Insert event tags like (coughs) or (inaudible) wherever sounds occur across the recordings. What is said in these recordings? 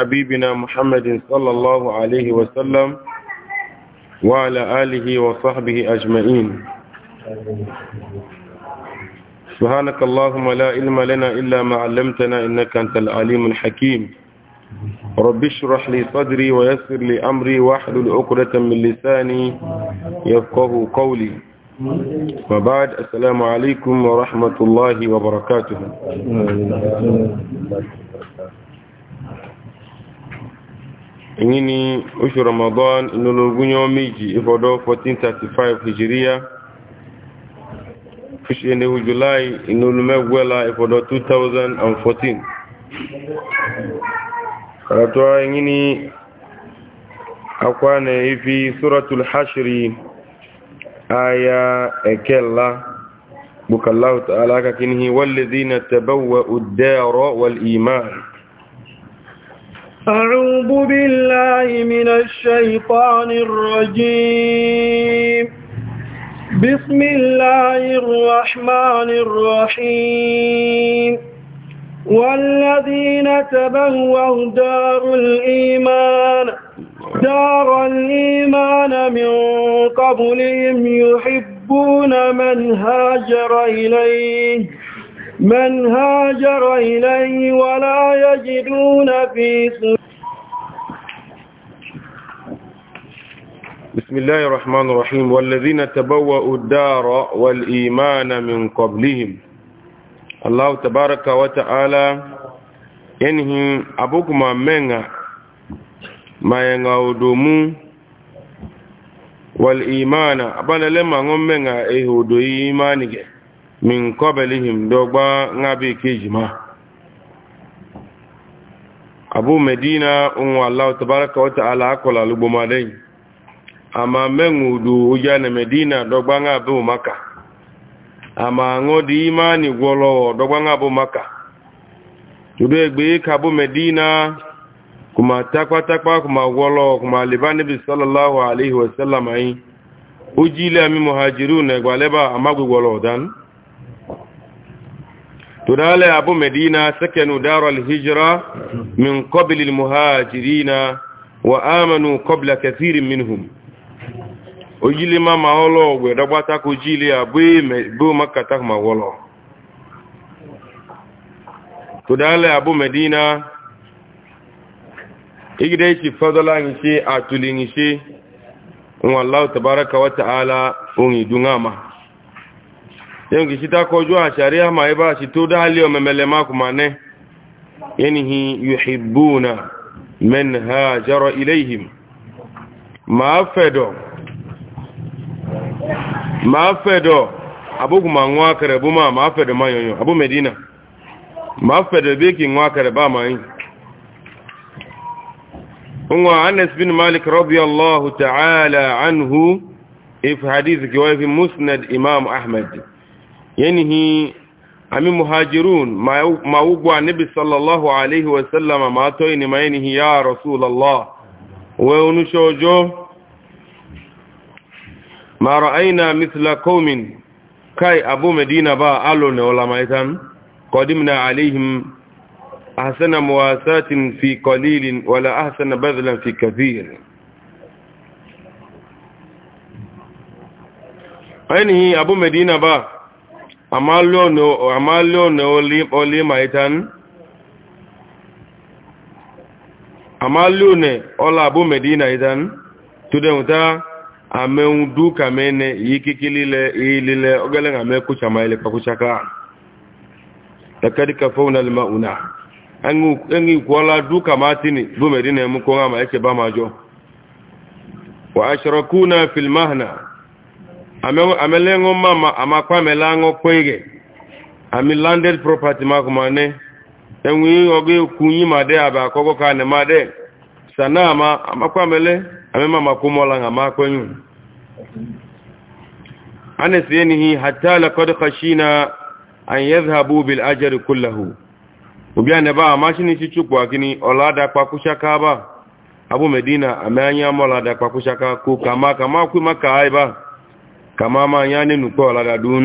حبيبنا محمد صلى الله عليه وسلم وعلى آله وصحبه أجمعين سبحانك اللهم لا علم لنا إلا ما علمتنا إنك أنت العليم الحكيم رب اشرح لي صدري ويسر لي أمري واحلل العقدة من لساني يفقه قولي وبعد السلام عليكم ورحمة الله وبركاته èyí ni oṣù ramadan inúlógúnyán méjì ìfọdọ́ 1435 hijiriya fíṣẹ́nihu july inúlùmẹ́gbẹ́la ìfọdọ́ 2014 karatuwa èyí ni akwana ifi suratul hashiri aya ẹ̀kẹ́lá bukallahu ta'ala kakinihi wallazina tabawwa'u ad-dara wal iman أعوذ بالله من الشيطان الرجيم بسم الله الرحمن الرحيم والذين تبهوا دار الإيمان دار الإيمان من قبلهم يحبون من هاجر إليه من هاجر إليه ولا يجدون في بسم الله الرحمن الرحيم والذين تبوأوا الدار والإيمان من قبلهم الله تبارك وتعالى ينهي أبوكما منا ما ينعودومو والإيمان أبانا لما نمنا إيهودو إيمانك من قبلهم دوغبا نبي كيجما أبو مدينة أم الله تبارك وتعالى أقول لبما دين ama mengudu ujane medina dogbanga bu maka ama ngodi imani gwolo dogbanga bu maka tudwe gbe kabu medina kuma takwa takwa kuma gwolo kuma libani bi sallallahu alaihi wasallam ai ujile mi muhajiruna gwaleba amagu gwolo dan tudale abu medina sakanu darul hijra min qabli al muhajirina wa amanu qabla kathirin minhum ojili ma ma ọlọ ọgwẹ dọgbata ka ojili a bụ makata ma wọlọ tụdala medina igide ichi fadola nyiche atụli nyiche nwa allahu tabaraka wa ta'ala onyi dunga ma yau ki shita a shari'a ma iba shi to da hali o memele ma kuma ne yanihi yuhibbuna man hajara ilaihim ma fedo ma fedo abugu ma nwa kare bu ma ma fedo ma yoyo abu medina ma fedo be ki nwa kare ba ma yi unwa anas bin malik radiyallahu ta'ala anhu if hadith ki wa fi musnad imam ahmad yanhi ami muhajirun ma wugwa nabi sallallahu alaihi wa sallama ma toyni ma yanhi ya rasulullah wa unushojo ma ra'ayna mithla qaumin kai abu medina ba alo ne ulama itan qadimna alaihim ahsana muwasatin fi qalilin wala ahsana badlan fi kathir ainihi abu medina ba amalo ne amalo ne ulama itan amalo ne ola abu medina itan tudenta ameŋu du kame ne yi kikili le ili ame kuchama ile pakuchaka takadi kafauna lima una angi angi kuala duka matini tini bumedi ne muko ba majo wa ashrakuna fil mahna ame amelengo mama amakwa melango kwege ami landed property makumane enwi ogi kunyi made aba kogo kane made sanama ama kwa mele amema makumola nga makwenyu anas yanihi hatta laqad khashina an yadhhabu bil ajri kullahu ubyane ba mashini chichukwa kini olada kwa kushakaba abu medina amanya molada kwa kushaka ku kama kama ku makaiba kama manyane nuko olada dun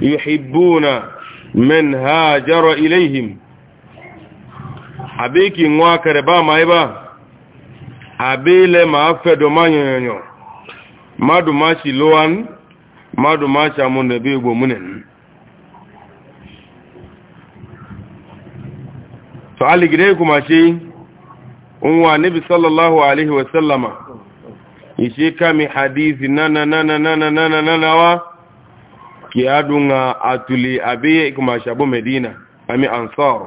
yuhibbuna man hajara ilaihim abe ki nwa kare ba ma iba abe ile ma afedo ma yanyanyo madu ma shi lowan madu ma shi amun da bai gomunan to aligidai kuma ce unwa nabi sallallahu alaihi wasallama ishe kami hadisi na na na na na na na na na na wa kiyadunga atuli abiye kuma shabu medina ami ansar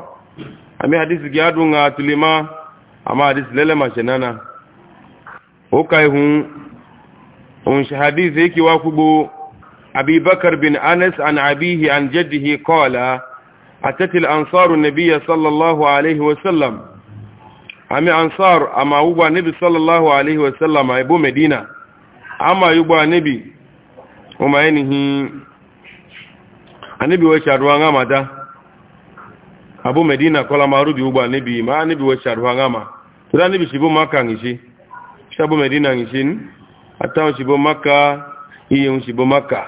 ami hadisi kiyadunga atuli ma ama hadisi lele mashenana ukai hun un shahadisi yake wa kubo abi bakar bin anas an abihi an jaddihi qala atat al ansar an-nabiy sallallahu alayhi wa sallam ami ansar ama uba nabi sallallahu alayhi wa sallam aibu medina ama yuba nabi umaynihi anibi we sharuwa nga mata abu medina kola marubi ugba anibi ma anibi we sharuwa nga ma tura anibi shibu maka ngishi shabu medina ngishin ata shibu maka iye shibu maka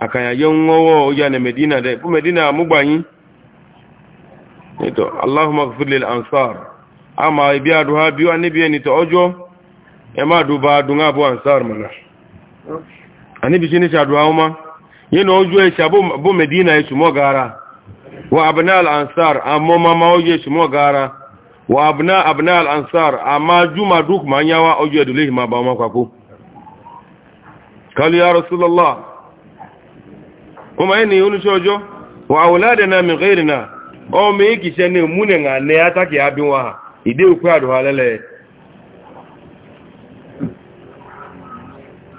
akanya yongowo uja ne medina de bu medina mugbanyi nito allahumma ghfir ansar ama ibi aduha biyo anibi nito ojo ema duba dunga bu ansar mana anibi shini sharuwa ma yẹn ojú ẹ̀ṣà bó medina ẹ̀ṣùmọ́ e gara wa abiná al'ansar àmọ́ mama ojú ẹ̀ṣùmọ́ e gara wa abiná abiná al'ansar àmá jùmọ̀ duk ma ń yáwá ojú ẹ̀dùlé e ìmá bá wọn kwakó kalu ya rasulallah kuma yẹni oníṣẹ́ ọjọ́ wa àwòládẹ̀ na mìírìnà ọmọ ikìṣẹ́ ni múnẹ̀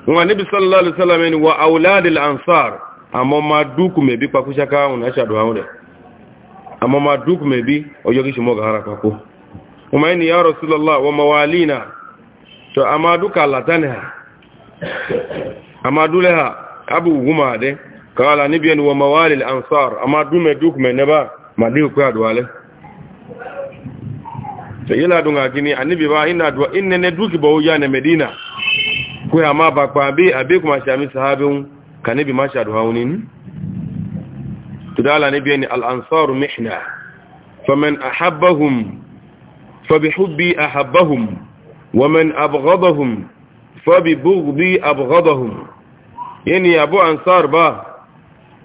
wa nabi sallallahu alaihi wasallam wa auladil ansar amma ma duku me bi pakusha ka un asha do hawde ma duku me bi ojo ki shimo gara ka ko kuma ni ya rasulullah wa mawalina to amma duka latanha amma duleha abu guma de kala nabi wa mawalil ansar amma dume me ne ba ma di ku adwale to yila dunga gini annabi ba ina duwa ya medina ko ya ma bakwa bi abi kuma shi ami sahabin kanibi ma sha duhaunin tudala ne biyani al-ansar mihna faman ahabbahum فبحبي أحبهم ومن أبغضهم فببغضي أبغضهم يعني أبو أنصار با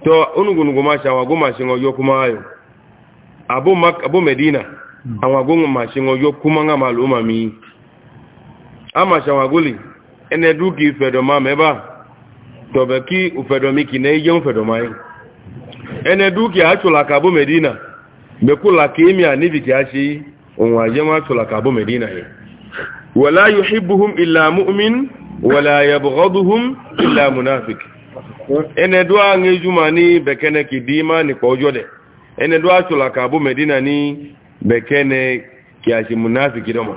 تو أنغن غماشا وغماشا يوكما آيو أبو مك أبو مدينة أما غماشا يوكما غمال أمامي أما شاوغولي ene duki fedoma meba tobe ki ufedomi ki ne iye ufedoma yi ene duki achula kabo medina bekula kimi anibi ki ashi onwa je ma achula kabo medina yi wala yuhibbuhum illa mu'min wala yabghaduhum illa munafiq ene dua ngejuma ni bekene ki dima ni ko jode ene dua achula kabo medina ni bekene ki ashi munafiki domo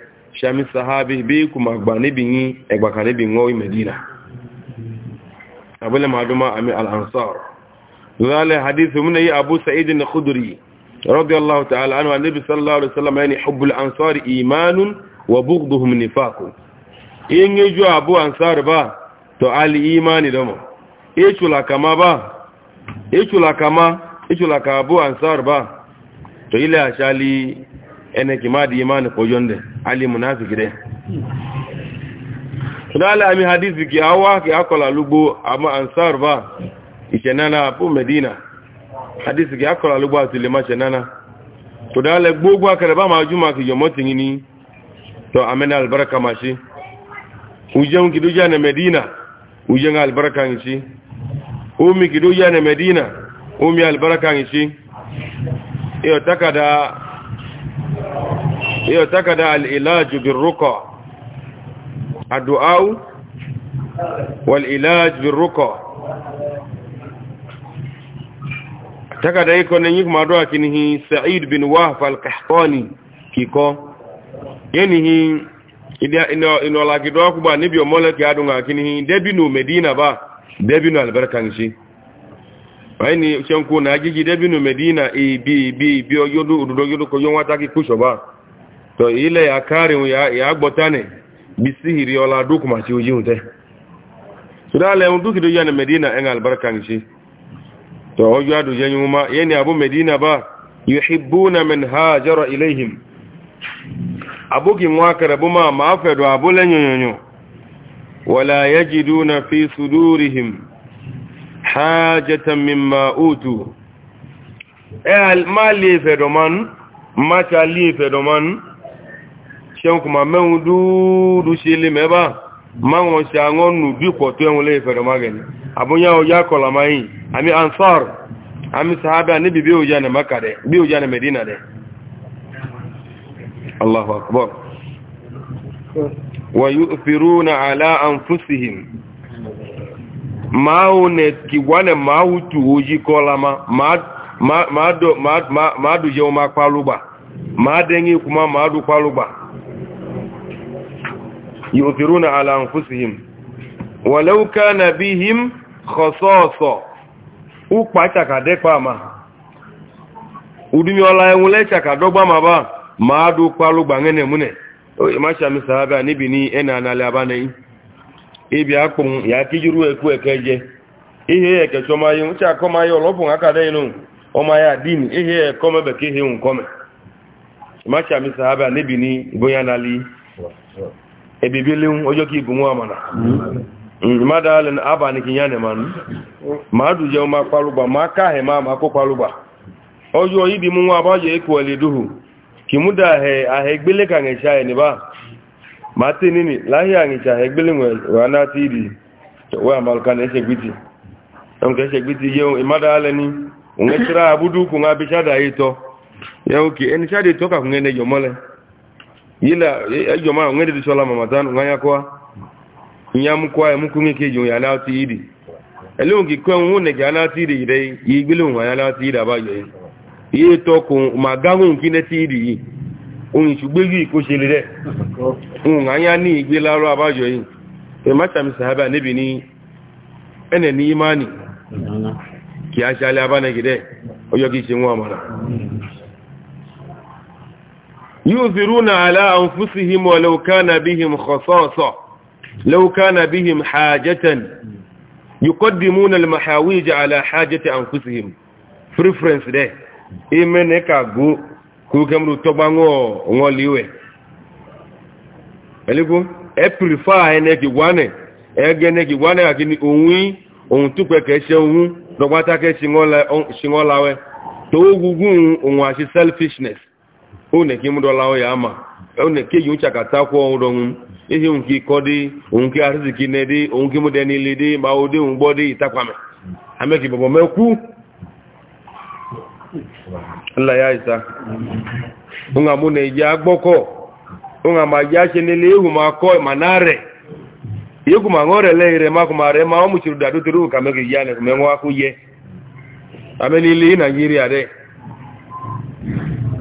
sami sahabi bi kuma gba níbi yí ẹgbà kan níbi ngọ́wí medina abúlé ma'adúmá àmì al'ansar lọ́lẹ̀ hadith múnà yí abu sa'idin na kuduri radiyallahu ta'ala anu alibi sallallahu alaihi wasallam yani hubbul ansar imanun wa bughduhum nifaqun in yi ju abu ansar ba to ali imani da mu ichula kama ba ichula kama ene ki ma di imani ko yonde ali munafiki de dala ami hadisi ki awa ki akola lugbo ama ansar ba ichenana pu medina hadisi ki akola lugbo asile ma chenana to dala gbogbo akere ba ma juma ki yomo tingini to amena albaraka na medina ujen albaraka umi ki na medina umi albaraka ngishi takada hiyo takada al-ilaju birruqa ad-du'a wal-ilaj birruqa takada iko ni nyingi madoa kinihi Sa'id bin Wahf al-Qahtani kiko yani hi ina ina la gido ku ba nibi omole ki adunga kinihi debinu Medina ba debinu albarkan shi wani shanku na gigi debinu Medina e bi bi bi oyodo ododo yodo ko yon wata kusho ba to ile ya karin ya ya gbota ne bi sihiri ola dukuma ti oji unte so da le un dukido ya ne medina en albarka nshi to oju adu je nyuma yeni abu medina ba yuhibbuna man hajara ilaihim abuki mwakara buma maafedo abule nyonyonyo wala yajiduna fi sudurihim hajatan mimma utu e al mali fedoman mata li fedoman ṣeun kuma mẹ́un dúdú ṣe lè mẹ́bà máa wọn ṣe àwọn nù bí pọ̀tọ́ ẹ̀wọ̀n lè fẹ̀rẹ̀ máa gẹ̀ẹ́ àbúnyá ọjá kọlà máa yìí àmì ansar àmì sàábà níbi bí òjá nà maka dẹ̀ bí òjá nà dẹ̀ allahu ala anfusihim máa wọn kí máa máa dùjẹ́ wọn máa kuma máa dù ala على أنفسهم ولو كان بهم خصاصة أقبع تكادك باما udumi ọla ẹwun lẹ́ṣà kàdọ́gbà máa bá máa dó pálógbà ẹnẹ̀ ya ìmáṣàmì sàábà níbi ní ẹnà ànàlẹ̀ àbánẹ́yìn ibi àpòun ìyá kíjúrú ẹkú ẹ̀kẹ́ jẹ ihe ẹ̀kẹ́ ṣọmáyé ń ṣàkọ́máyé ọlọ́pùn akàdẹ́ inú ọmáyé àdínì ihe ẹ̀kọ́ mẹ́bẹ̀ kéhe ń kọ́mẹ̀ ìmáṣàmì sàábà níbi ní ebibilin ojo ki gun wa mana hmm. madalin abani kin yana man ma duje ma paluba ma ka he ma ma ko paluba ojo ibi mu wa ba je ko le duhu ki muda he a he gbele kan e sha ni ba ma ti ni ni la ya ni he gbele wa na ti di wa kan e se gbiti ke se gbiti je o madalini on e abudu ku nga bi ki en to ka kun ne yo mole yila ajo eh, eh, ma ngende di shola mama tanu nganya kwa nyam kwa eh, mu kungi ke jo ya ti idi elungi kwa mu ne yana ti idi ide igbilu ma yana ti ida ba yo yi to ku magagun kine ti idi yi oyin sugbegi ko se le de un nganya ni igbelaro abajo yi e ma tami sahaba ne bi ni ene ni imani ki a sha le abana gide oyo ki se won amara mm. yuziruna ala anfusihim wa law kana bihim khasasa law kana bihim hajatan yuqaddimuna al mahawij ala hajati anfusihim preference de imene ka go ku kemru to bango won liwe eligo e prefer ene ki wane one ke mudo lawo ya ama one ke yun chaka ta ko odon ehe un ki kodi un ki arziki ne di un ki mude ni le di ba ode un body itakwame ame ki bobo meku Allah ya isa unga mu ne ja gboko unga ma ja se ne le hu ma ko manare yegu ma ngore le ire ma kuma re ma o mu chiru da do turu ka me ki ya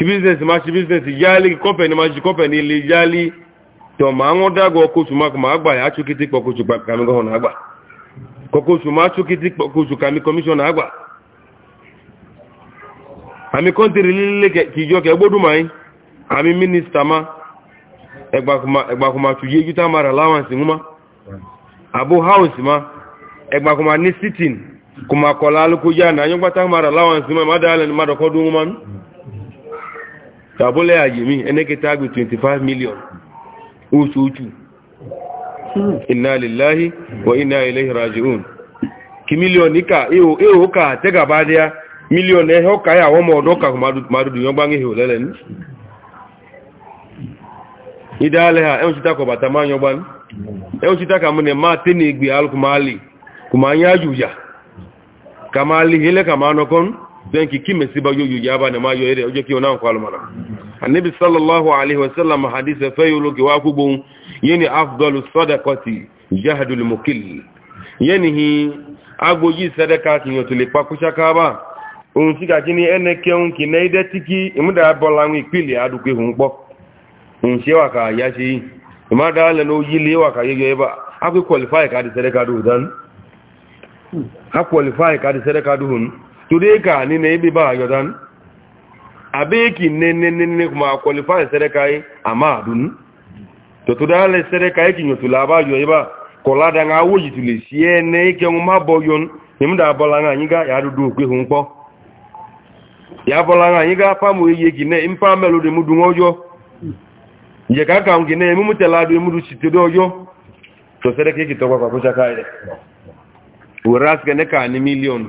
kí bísínẹ̀sì máa ṣe bísínẹ̀sì yálì kọ́pẹ̀ni máa ṣe kọ́pẹ̀ni ilé yálì tọ̀ máa wọ́n dágọ̀ kóṣù máa kọ̀mọ̀ àgbà yà áṣókété pọ̀ kóṣù kàmí gọ́ọ̀nà àgbà kóṣù máa áṣókété pọ̀ kóṣù kàmí kọmíṣọ̀nà àgbà àmì kọ́ntìrì lílé kìjọ kẹgbódùmáyín àmì mínísítà má ẹgbàkùnmà tùyé jútà máa rà láwàǹsì mú má àbú háùsì má ẹgbàkùnmà ní sítìn kùmàkọ̀lá alókójá náà yọ́ngbátà máa rà láwàǹsì má má ní má dọ̀kọ́dún mú má nù tàbólẹ̀ àjìmí ẹnẹ́kẹta gbì 25 million oṣooṣù iná lèláhí wọ iná ilẹ̀ ìrajìun kí mílíọ̀n níkà èhò ká tẹ́gàbá díá mílíọ̀n ẹ̀họ́ káyà wọ́n mọ̀ ọ̀dọ́ kàkù màdùdù yọ́n gbáńgé ihò lẹ́lẹ̀ ní ìdáalẹ̀ ha ẹ̀hùn Denki ki kime si ba yoyu ya ba ne ma yoyere ojo ki onan kwalu mana annabi sallallahu alaihi wasallam hadisa fayulu ki yeni afdalu sadaqati yeni hi agbo yi sadaka ki yo tule pa kushaka ba ti ka kini ene keun ki ne tiki imuda bola pili hun po se wa ka ya yi le wa ka yoyo ba torí ka ní na ibi bá yọ̀dán abẹ́ẹ̀kì nẹ́nẹ́nẹ́nẹ́ kuma kwalifáì sẹ́rẹ́káyé àmà àdún ka dáálẹ̀ sẹ́rẹ́káyé kì yọ̀tù lábáyọ̀ ibá kọ̀ládà ń awó yìí tulè sí ẹ́ ní ikẹun má bọ́ yọn ìmúdà abọ́lá ń àyíká yàdúdú òkè hun pọ́ yàbọ́lá ń àyíká pàmò iye kì ní mpá mẹ́lódé mú dùn ọjọ́ ìjẹ̀káka ń kì ní mímú tẹ̀ládó ka milioni.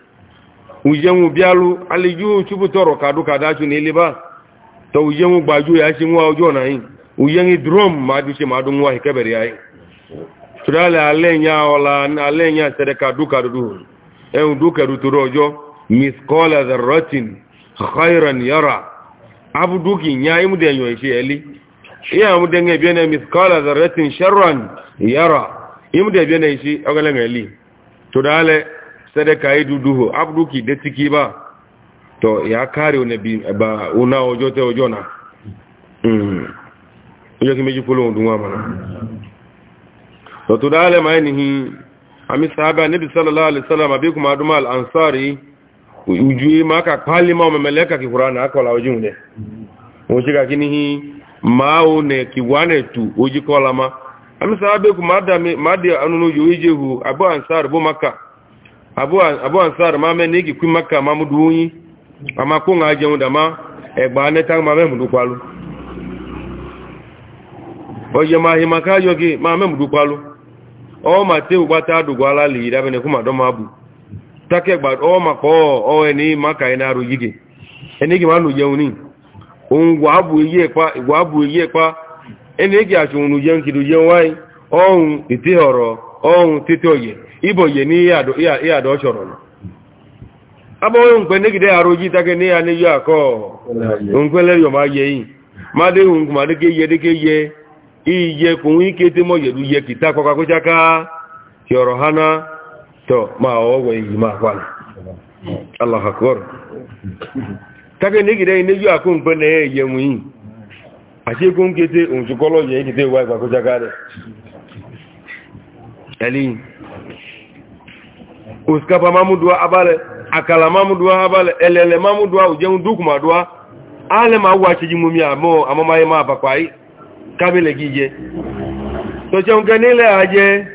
ujenwu bialu aliju chubu toro kadu kadachu ni liba to ujenwu gbaju ya shi nwa ojo na yin ujenwu drum ma du se ma du nwa ikebere ayi tudale alenya ola alenya sereka du kadu ehun du kadu e toro ojo misqala dharratin khairan yara abdu ki nya imu de eli iya mu de biene misqala dharratin sharran yara biene ise ogalen eli sadaka yi duduhu abduki da ciki ba to ya kare wani bi ba una ojo te ojo na ojo ki meji kulon dunwa mana to to dale ma nihi ami sahaba nabi sallallahu alaihi wasallam abi kuma aduma al ansari uju ma ka pali ma memeleka ki qur'ana aka la oju ne o shi ka kinihi ma o ne ki wane tu oji kolama ami sahaba kuma adami madi anunu yojehu abu ansar bu makka abu ansar ma me nigi kwi maka ma mudu unyi ama ko nga je ma egba ne ma me mudu kwalu ma hi maka yo gi ma me mudu kwalu o ma te ugba ta du gwala li da kuma do ma bu take gba o ma eni maka ina ru yige ma lu je uni un gwa bu iye pa gwa bu pa eni gi unu je ibo ye ni iya do choro no abo nkwe ne gide aro ji take ne ya ne ya ko le yo ma ye yin ma de un ma de ke ye de ke ye iye kun wi ke te mo ye du ye ka ko chaka yoro hana to ma o we yi ma kwa Allah akbar take ya ko nkwe ne ye mu yin ase kun ke un ye ko uskapa mamuduwa abale akala mamuduwa abale elele mamuduwa ujeun dukumaduwa ale ma wa chiji mumi amo amo maye ma abakwai kabile gije to cheun kanile aje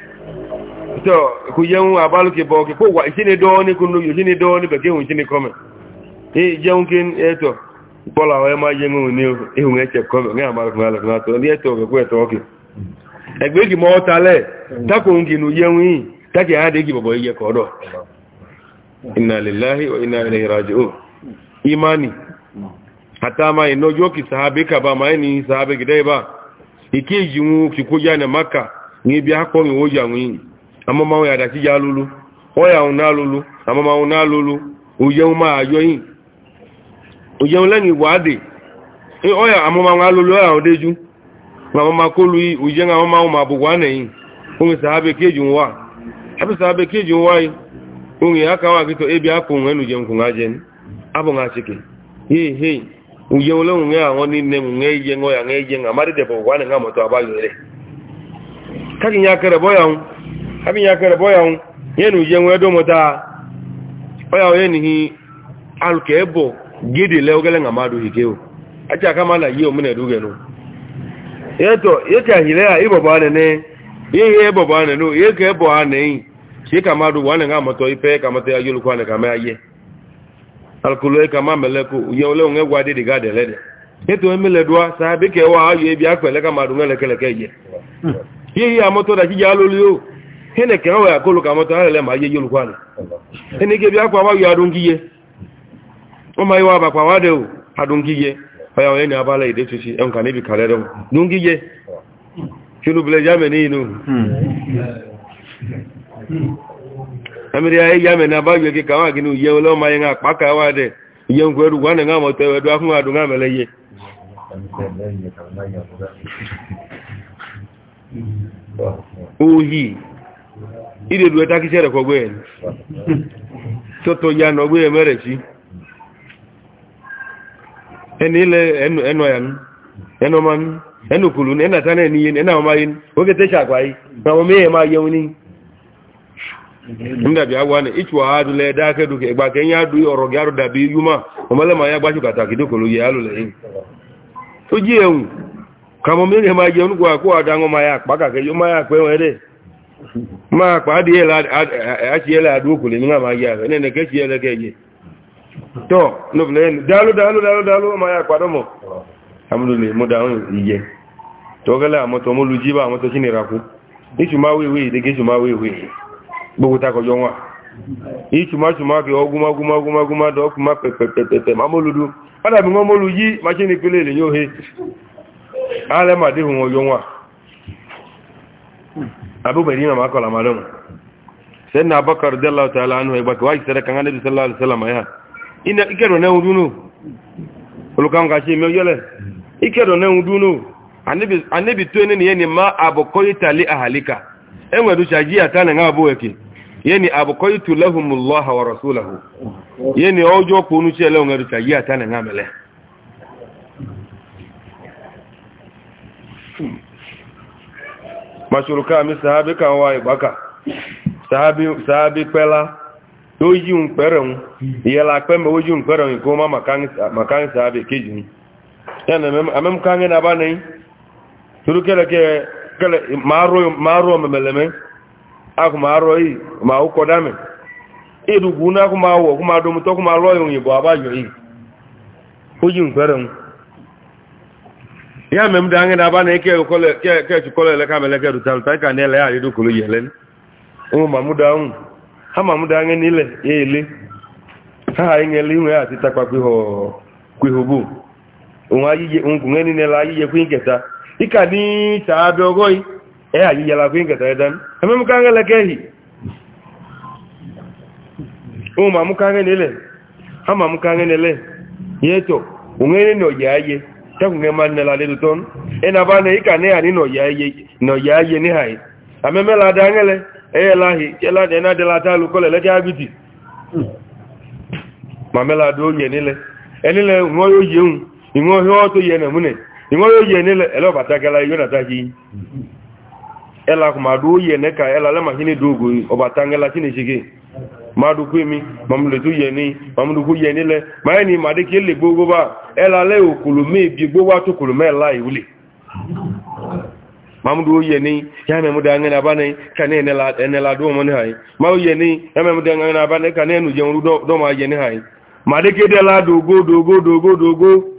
to kujeun abalu ke boke ko wa isini doni kunu isini doni beke un isini kome e jeun ni e un eche kome ngi amaru ngala ngala to ni eto ko eto oke egbe ki mo tale takun kinu taki a da yake babu yake kodo inna lillahi wa inna ilaihi raji'un imani hatta ma ino yoki sahabe ka ba ma ni sahabe gidai ba ike jimu ki ko ya na makka ni bi akpo ni oja mi amma ma ya da ti ya lulu o ya un na lulu amma ma un na lulu o je un ma ayo yin o je un leni wade e o ya amma ma un lulu ya o deju ma ma ko lu yi o je nga ma ma bu wa na yin o sahabe ke ju wa abisa bekee ji nwaanyị onwe aka nwa gịtọ ebi akpụ onwe na ujem kwụnwa jen abụ nwa chike hei hei uje ole onwe ya ṅụọ niile m nwe ije ṅụọ ya nwe ije ṅa amadị na nga mụta abaghị ere ka gị nye akịrị ya nwụ abị nye akịrị bọ ya uje nwee domụta ọya onye na ihe alụ ka ebo gidi le ogele ṅa mmadụ o acha aka ma na yi omenedugenu ya ihe ebe bụ ana no ihe ka ebe ha na eyi chie ka mmadụ bụ ana ga amụta ife ka amụta ya yolukwa ana ka ma ye alkulu e ka ma meleko uye ole ya moto da ji ya lolu hene ke wa akolu ka moto ale ma ye yolukwa ni abala ide sisi en ka ne bi kale de tinubule jamani inu amiri ayi jamani abagbe ki kawon akini uye oloma yin apaka wa de iye n kweru wane nga mo tewe do afun adun amele ye oyi ide du eta kisere ko gbe ni toto ya no gbe mere ẹnu ọmọ ní ẹnu kùlù ní ẹnà tánà ní ẹnà ọmọ ayé oké tẹ́ṣà àgbáyé àwọn mẹ́yẹ máa yẹun ní nígbàbí àwọn ní ìtù àádùlẹ̀ dákẹ́dùkẹ́ ìgbà dabi àdú ọ̀rọ̀ gẹ́rù dàbí yúmà ọmọlẹ́mà ayá gbáṣù pàtàkì dókòlò yẹ alùlẹ̀ yìí tó jí ẹ̀hùn kàmọ́ mẹ́yẹ máa yẹun kó àkó àdáwọn máa yà pàkàkẹ́ yóò máa yà tọ́gẹ́lẹ́ àmọ́tọ̀ mọ́lú jíbá àmọ́tọ̀ kí nìrakú ìṣùmá wéwé ìdégé ṣùmá wéwé gbogbo takọjọ wọn ìṣùmá ṣùmá fi ṣe ìkẹ́dọ̀ náà ń dúnú anabi to ne yani ma abqaita li ahlika enwe du shaji atana ngabo yake yani abqaitu lahumullah wa rasuluhu yani ojo kunu chele enwe du shaji atana ngamele mashuruka mi sahabi kan wa ibaka sahabi sahabi pela to yi un perun yela pembe oji un perun ko ma makan makan sahabi kejun yana mem amem kan na banai turu kele ke kele maro maro memeleme aku maro yi ma uko dame idu guna ku ma wo ku ma do mu to ku ma lo yun yibo abajo yi oji nferem ya mem da a ba na ke ko le ke ke ko le ka ta ka ne le ya idu kulu yelen o ma mu da ha ma mu da ngi ni le ha ngi le mu ya ti ta pa ne la nketa ika ni taabe ogoi e ayi yala ku inga tadan amma mukanga lakehi uma mukanga nele ama mukanga nele yeto ungene no yaye ta kunge manne la le ton ena bana ika ne ani no yaye no yaye ni hai amma mela dangele e la lahi kela de na de la talu kole le kabiti mamela do yenile enile ngoyo yeun ingo ho to yene ne. ìwọ́n yóò yẹ nílẹ̀ ẹlọ́bàtàkẹ́lá yóò nàtàkì ẹlà kò máa dúó yẹ nẹ́ka ẹlà lẹ́mà kí ní dóògò ọbàtàkẹ́lá kí ní ṣe ké máa dúkú mi mamulutu yẹ ní mamuluku yẹ nílẹ̀ máa ní màdé kí lè gbogbo bá ẹlà lẹ́ òkòlò méèbi gbogbo àtó kòlò mẹ́ẹ̀lá ìwúlẹ̀ mamudu o yẹ ní yàmẹ̀múdà ẹ̀ngẹ́nà abáni kàní ẹ̀nẹ́lá dúnmọ́ mọ́ ní àyè máa ó yẹ ní yàmẹ̀múdà ẹ̀ngẹ́nà abáni kàní ẹ̀nù jẹun dọ́mọ́ ayẹ ní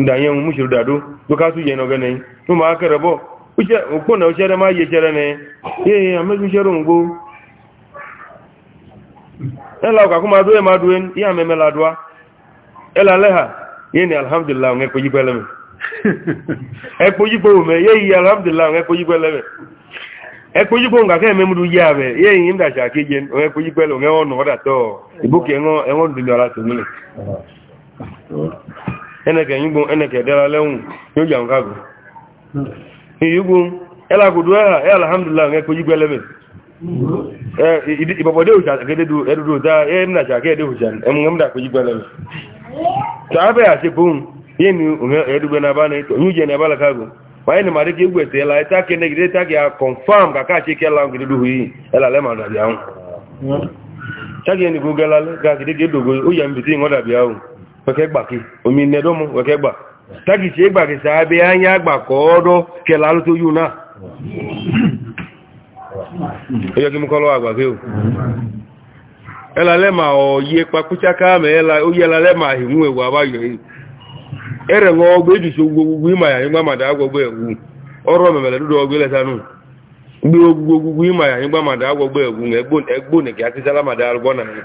nda nye dadu mushiru dado su to ma ka rabo uje ko na uje ma ye jere ne eh amma su jere ngo ela ka kuma do e ma duen ya me mela doa ela leha ye ni alhamdulillah nge ko pele me e ko me ye yi pele me e nga ke me mu du ya be ye yi nda sha ke je nge pele nge ono da to ibuke ẹnẹkẹ yígbọn ẹnẹkẹ dẹ́ra lẹ́hùn yóò yà ń kágo ìyígbọn ẹlàkùdù ẹ̀hà ẹ̀ alhamdulillah ń ẹkọ yígbẹ́ lẹ́bẹ̀ ìbọ̀bọ̀dé òjà ẹdùdù òjà ẹ̀ẹ́nàjà kẹ́ẹ̀dẹ̀ òjà ẹmúnmdà kọ ni ẹ̀ẹ́dùgbẹ́ ní yújẹ́ lákàgùn wáyé ni màdé kí tẹ́ la à kọ̀nfàm kàkà ṣe yìí ẹlà dàbí àwọn wekegbake ominedomu wekegba tagichi ịgbagịsị abịa anya agbakọ ọdọ kela alụta oyi na onye gị mkọrọ agbake o elale ma oyi kpakpụchaka ma oyi elale ma ahị nwe egwu agbaghị ere nwe ọgbọ ejisi ogwugwo ogwugwo ịma ya ịgba mada ọrụ mgbe ogwugwo ogwugwo ịma ya mada egwu na na ya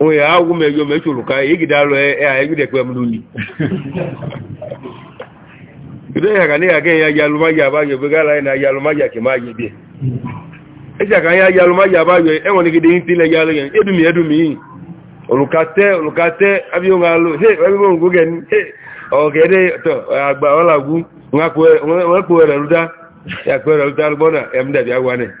onye agwụ mejo mechụrụ ka igide alụ ya e kpe mluli ido ya ga na ya ga ya ya alụmaja abajo bụ na ya alụmaja ke ma esi aka ka ya ya alụmaja abajo enwere gide ya alụghị edumi edumi olùkàtẹ́ olùkàtẹ́ abíyọ́nà alò ṣe ẹgbẹ́gbẹ́ òǹgó gẹni ọ̀gẹ́dẹ́ àgbà ọlàgún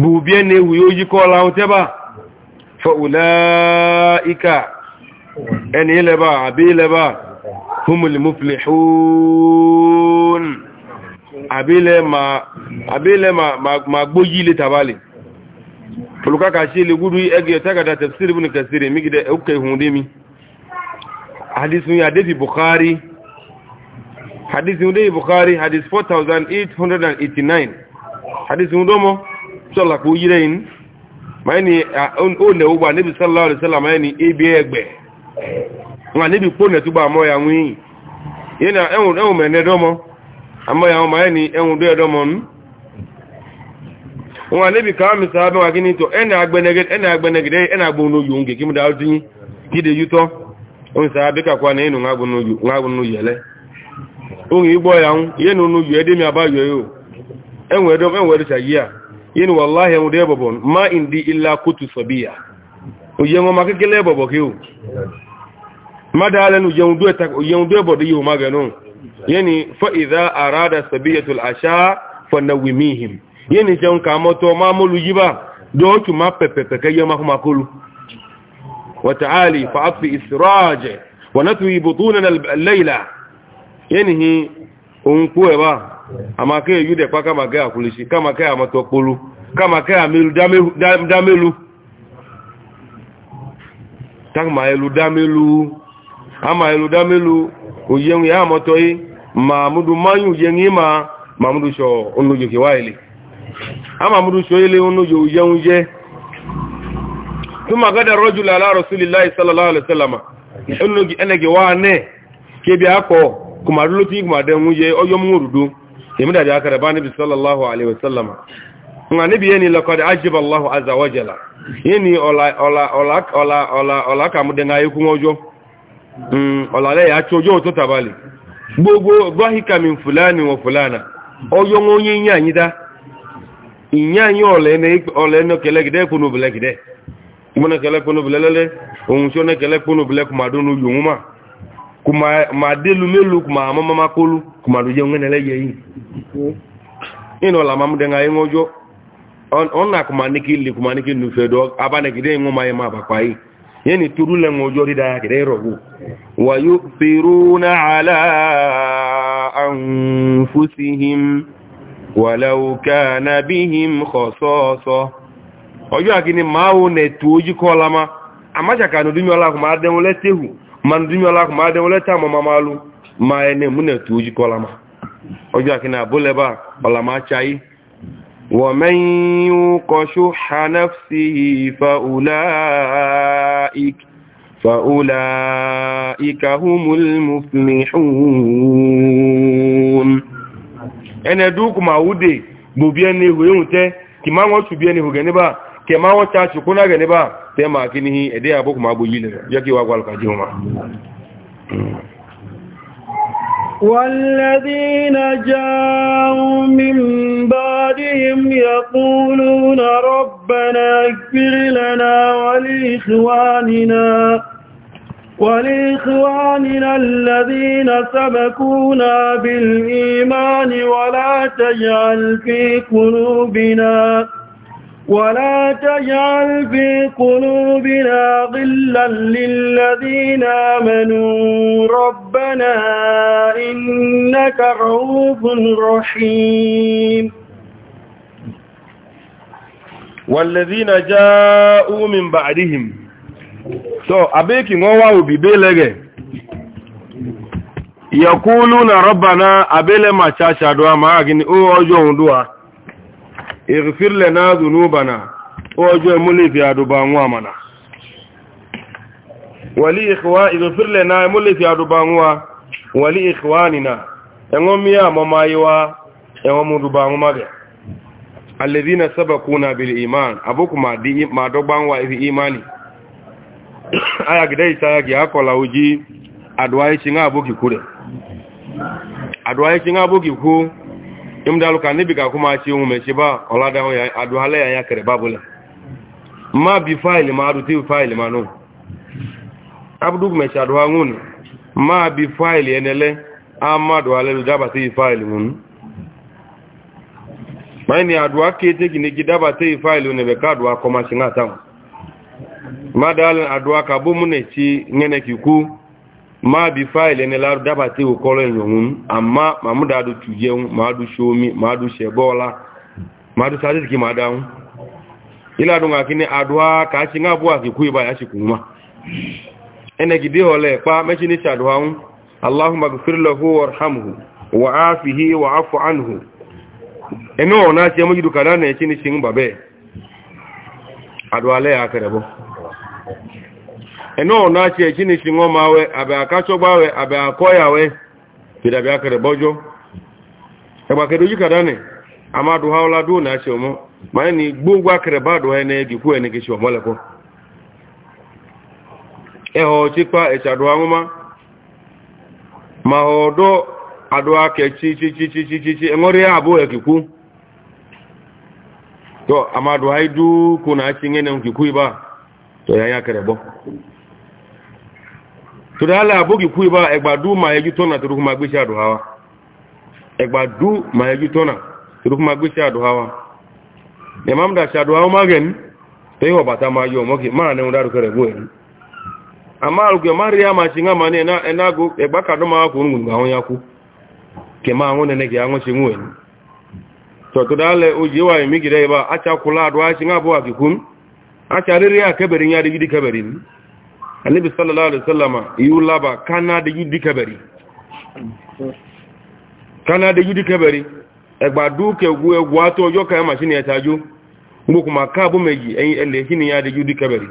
bùbíẹ́ ni wù yóò yíkọ́ ọlá ohun tẹ́bà fa'ula'ika ẹni ilẹ̀bà àbí ilẹ̀bà humul muflihun àbí ilẹ̀ ma gbójí ilé tàbálì olùkákà sí ilé gúdú ẹgbẹ̀ tágàdà tafsiri bin kasiri migida ẹkùkẹ ihun dé ya défi bukhari hadisun défi bukhari hadis 4889 hadisun domo sọ́là kò yí lẹ́yìn máa ní ònà ògbà níbi sọ́là ọ̀rẹ́ sọ́là ma ní ebi ẹgbẹ̀ wọn níbi pọ́nà tó bá mọ́ya wíyìn yẹn na ẹ̀hùn mẹ́ẹ̀ẹ́dọ́mọ́ ọmọ wọn máa ní ẹ̀hùn dọ́ẹ̀dọ́mọ́ nù wọn níbi káàmì sáábẹ́ wa kí ní tọ́ ẹ̀nà agbẹnẹgẹdẹ ẹ̀nà agbóhùn oyò ń gèkí mú dáa dín kíde ya òun sáábẹ́ kakwa ní ẹ̀nù ńlágbóhùn oyò ẹ̀lẹ́ òun ya yin wallahi mu dai babon ma indi illa kutu sabiya oye mo ma kekele bobo ki o ma dale nu je ndu eta oye ndu bodo yi o ma ganu yani fa idha arada sabiyatul asha fanawimihim yani je nka moto ma mulu yiba do tu ma pepepe ke amake yude kwa kama ke akulishi kama ke amatokulu kama ke amilu damelu damelu tagma elu damelu ama elu damelu oyeun ya amotoi mamudu mayu yengi ma mamudu sho onujo kiwaili ama mudu sho ile onujo yeun je tuma gada rajul ala rasulillahi sallallahu alaihi wasallam onujo enege wa ne kebi akọ kuma dulu ti kuma de nwuje oyo mu rudu èmi dàbí akẹrẹ bá níbi sallallahu alaihi wasallam nga níbi yẹn ni lọ́kọ̀dẹ̀ ajiba allahu azza wa jalla yẹn ni mm, ya kàmúdẹ̀ngà ikú ọjọ́ ọ̀làlẹ́ yà tí ọjọ́ tó tàbálì gbogbo gbáhíkàmì fúlàní wọ fúlànà ọjọ́ wọn yí yí àyídá ìyáyí ọ̀lẹ́nà kẹlẹ́gidẹ́ kúnnù bìlẹ́gidẹ́ ìmọ̀nà kẹlẹ́kúnnù bìlẹ́lẹ́lẹ́ ohun tí ó ná kẹlẹ́kúnnù bìlẹ́kùnmàdónú yòówùmá kuma ma delu melu kuma mama makolu kuma lu je ngene leye yi ino la mam de ngai ngojo on onna kuma niki li kuma niki nu fedo abane gide ngoma yema ba kwai yeni turule ngojo rida ya gide rogu wa yusiruna ala anfusihim walau kana bihim khasasa ojo akini mawo ne tuoji kolama amaja kanu dumi ola kuma adenwo letehu mandunyola kuma adé wọlé tá mọ́mọ́ máa lu ma ẹni múnẹ̀ tó ojú kọ́ lama ma àkínà àbúlẹ̀bà ọ̀làmà cháyí wọ́n mẹ́yìn kọ́ṣù hanafsi fa'ula ikahumul muflihun ẹni ẹdúkùnmà wúdè gbòbí ẹni ihò ihùn tẹ́ kì máa wọ́n ṣùgbí ẹni ihò gẹ̀ ba. ke ma wata ci kuna gani ba sai ma kinihi ede ya boku ma buyi ne yake wa gwal kaji ma والذين جاءوا من بعدهم يقولون ربنا اغفر لنا ولإخواننا ولإخواننا الذين سبقونا بالإيمان ولا تجعل في قلوبنا ولا تجعل في قلوبنا غلا للذين آمنوا ربنا إنك رؤوف رحيم والذين جاءوا من بعدهم so abeki won wa obi belege yakuluna rabbana abele machacha do ma gini o ojo ndua اغفر لنا ذنوبنا وجه ملفي أدبا وامنا ولي إخوان اغفر لنا ملفي أدبا وامنا ولي إخواننا ينومي ممايوا ينوم دبا ومغا الذين سبقونا بالإيمان أبوكما دي ما دبا وإذ إيماني aya gida ita ya gi akola oji aduwa ichi nga aboki kure aduwa ichi nga aboki kure imdalu ka nibi ka kuma ci mu meci ba olada ho ya adu hale ya kare babula ma bi file ma adu ti file ma no abdu me ci adu hangun ma bi file enele amadu hale lu daba ti file mun mai ni adu akete gine gidaba ti file ne be ka adu akoma singa ta ma dal adu akabu mu ne ci ngene kiku ma bi fáìlì ẹni láàrú dábàá tí ó kọ́lọ̀ ìyọ̀hún àmá màmúdàdù tù jẹun màádù ṣomi màádù ṣẹ̀bọ́ọ̀lá màádù sàtìsìkì máa dáhùn ìlàdùn àkí ní àdúwá kàáṣí ń àbúwà kìkú ìbá yàṣìkù mọ́ ẹnẹgidé ọ̀lẹ̀ pa mẹ́ṣí ní ṣàdùháhún aláhùnmá gùfìrìlọ́hù wọ̀rhámùhù wà á fìhí wà á fọ ánùhù ẹ̀mí ọ̀nà ṣe mọ́jú ẹ̀nà ọ̀nà ṣe ẹ̀ṣí ni ṣe wọ́n máa wẹ àbẹ̀ àkáṣọ́gbáwẹ àbẹ̀ àkọ́yàwẹ ìdàbí akẹrẹ̀ bọ́jọ́ ẹgbàkẹrẹ ojú nì amadu haola dúró náà ṣe ọmọ máa ní gbogbo akẹrẹ̀ bá dùn ẹni ẹdìkú ẹni kìí ṣe ọmọ lẹ́kọ́ ẹ̀họ̀ chípa ẹ̀ṣàdọ̀ ahọ́má máa ọ̀dọ́ àdọ́ amadu haidu kò náà ṣe ń ẹni ẹ̀kìkú ibà tó yà á torí hálà àbókì kú ibá ẹgbàdú ma ẹjú tọ́nà tó rúkú ma gbé sí àdùháwá ẹgbàdú ma ẹjú tọ́nà tó rúkú ma gbé sí àdùháwá ẹ̀má ń dà sí àdùháwá má gẹ̀ ní tó yíwọ̀ bàtà ma yọ ọmọkì máa nẹ́wọ̀n dárúkẹ́ rẹ̀ gbọ́ ẹ̀rí àmá àrùkù ẹ̀má rí àmà sí ńgá ma ní ẹ̀nágo máa ní tọ̀tọ̀ dálẹ̀ annabi sallallahu alaihi wasallama yu laba kana da yudi kabari kana da yudi kabari egba duke gu egu ato yo kan ma shine ya taju ngbo kuma ka bu meji en ele shine ya da yudi kabari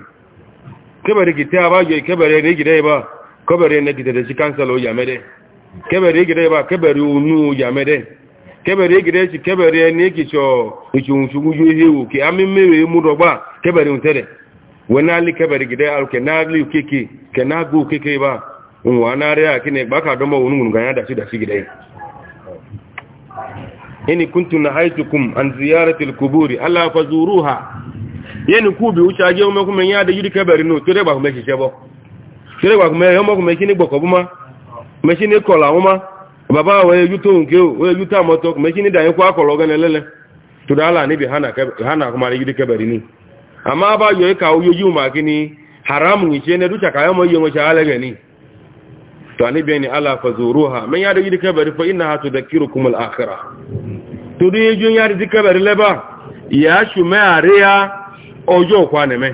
kabari ki ta ba yo kabari ne gide ba kabari ne gide da shi kansalo ya mede kabari gide ba kabari unu ya mede kabari gide shi kabari ne ki cho uchu uchu yu hewo ki ami mewe mu dogba kabari untere wenali kebere gide aru kenali ukeke kenagu ukeke ba unwanare akine baka domo unungun ganya da sida sigide ini kuntu nahaitukum an ziyarati alquburi alla fazuruha yeni kubi uchaje ume kumenya da yidi kebere no tere ba kumeshi chebo tere ba kumeshi yomo kumeshi ni gboko buma kumeshi ni kola uma baba we yuto nke we yuta moto kumeshi ni dayin kwa kolo ganelele tudala ni bi hana hana kuma yidi kebere ni amma ba yo ka uyo yu ma kini haramu ni ne duka kayan mo yemo cha ala gani to ani bi ni ala fazuruha man ya da yidi kabari fa innaha tudhakkirukum al akhirah to de ju ya da kabari leba ya shume area ojo kwa ne me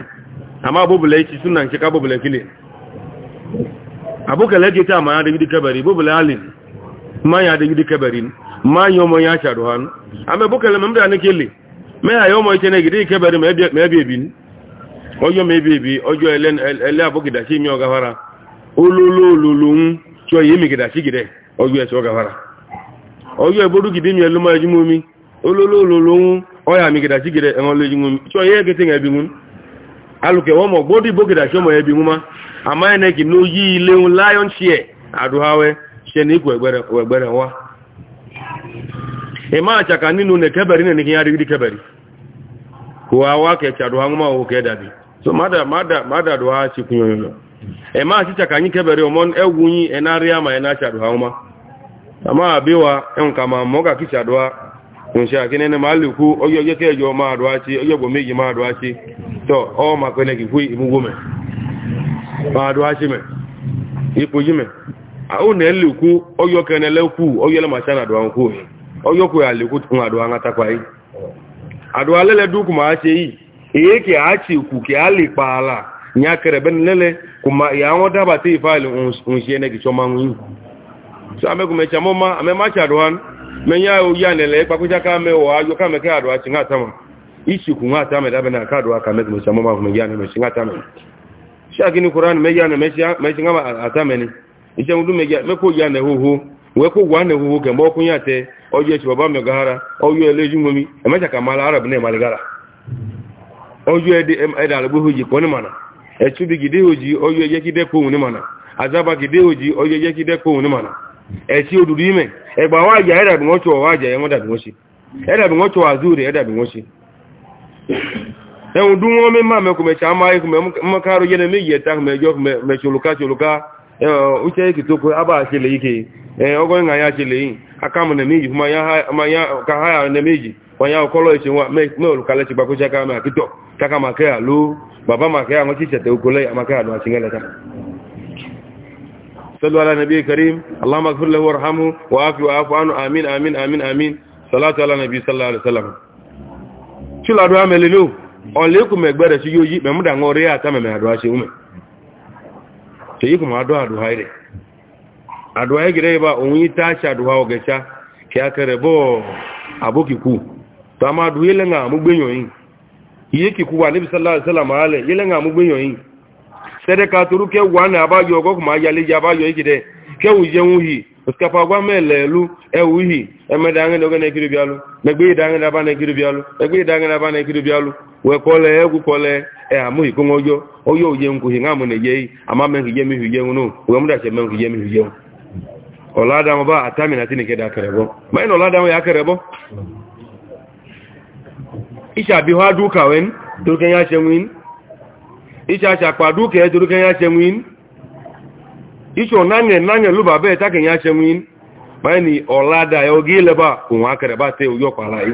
amma bubule ki sunan ki ka bubule kile abuka lege ta ma ya da yidi kabari bubule alin ma ya da yidi mee a ya ụmụ na negide ikebere ma ebi ebi ọjọọ ma ebi ebi ọjọọ ele abụ gidachi ime ọgahara ololololonwu chọọ ya imi gidachi gide ọjọọ eche ọgahara ọjọọ elu ma mi gidachi na ebinwu n'oyi ima achaka nínú ne kẹbẹ̀rí nẹ̀ ní kí yára rí kẹbẹ̀rí kò àwá kẹ̀ẹ̀kẹ̀dọ̀ àwọn ọmọ òkè dàbí so mada á ti kún yọ̀yọ̀ ima àchíchaka yí kẹbẹ̀rí ọmọ ẹwù yí ẹ̀nà rí àmà ẹ̀nà àchàdọ̀ àwọn ọmọ àmà àbíwa ẹnkà ma mọ́gà kí chàdọ̀ kùnṣẹ́ àkínẹ́ni máa lè kú ọjọ́ kẹjọ máa dọ̀ á sí ọjọ́ gbọ́ méjì máa dọ̀ á sí tọ́ ọ ma pẹ́lẹ̀ kì fún ìmúgbó mẹ́ máa dọ̀ á sí mẹ́ ipò yí mẹ́ àwọn ẹ̀lẹ́kú ọjọ́ kẹ́nẹ́lẹ́kú ọjọ́ lẹ́màṣánà dọ̀ àwọn kú yìí ọjọ́ kò yà lè kó tún àdó àwọn atakwa yìí àdó alẹ́lẹ́ dúkù máa ṣe yìí èyí kì á ṣe kù kì á lè pa àlà ní akẹrẹ̀bẹ́ nílẹ̀ kò máa ìyá wọn dábà tí ìfáàlì òun ṣe ẹnẹ́gì ṣọ́ máa ń yìn sọ amẹ́kùnmẹ́ ṣàmọ́ máa amẹ́ má ṣe àdó wa mẹ́yà oyé ànẹ̀lẹ́ pàkójá káàmẹ́ wọ ayọ́ káàmẹ́ kẹ́ àdó àṣì ńàtàmà ìṣìkù ńàtàmẹ́ wa kàmẹ́kùnmẹ́ ṣàmọ́ máa fún mẹ́yà ànẹ̀mẹ́ wee kw gwa na egwu nwoke mgbe ọkwụ nye ate oyi echi baba megaghara oyi eleji nwomi emecha ka mara arab na-emaligara ji echubi e gide oji ejekide kpo mana azaba gide oji oyi ejekide mana echi ime e ya nwedabi nwochi nwochi ọwa nwochi uche ekitokwe aba achele ike ee ọgọ ịna ya chele iyi aka m na ya ka ha ya na-emeji kwanye ụkọlọ anya meolukalechi gbakwụchi aka ma akịtọ kaka maka ya loo baba aka ya nwụchi icheta okole ya maka ya na achingeleta wa على نبي كريم اللهم اغفر له وارحمه وعافه وعاف عنه امين امين a امين m على النبي صلى الله عليه وسلم شو لا دعاء مللو اوليكم to kuma addu'a duha ire addu'a ya gire ba on yi tashi addu'a o gacha ki aka rebo aboki ku to ama du yele nga mu gbeyan iye ki wa nabi sallallahu alaihi wasallam ale nga mu gbeyan turu ke na ogo kuma yale ya abayo igide ke wu je osikapa gwa mele lu ewu hi emede angen na ekiri bialu megbe ida angen aba na ekiri bialu megbe ida angen aba na ekiri wee egwu e amụghị konwe oyo oye oye nkwuhi nga amụ na eyehi ama me nhije mehi uye nwunu uwe m dachi eme nhije mehi uye ọladanwụ ba atami na tinike da akịrịbọ ma ị na ọladanwụ ya akịrịbọ icha bihu aduka wen turken ya ce win icha cha pa duka ya turken ya ce win icho nange nange luba be taken ya ce win ma ni ọlada ya ogi leba kun akịrịba te uyo kwala yi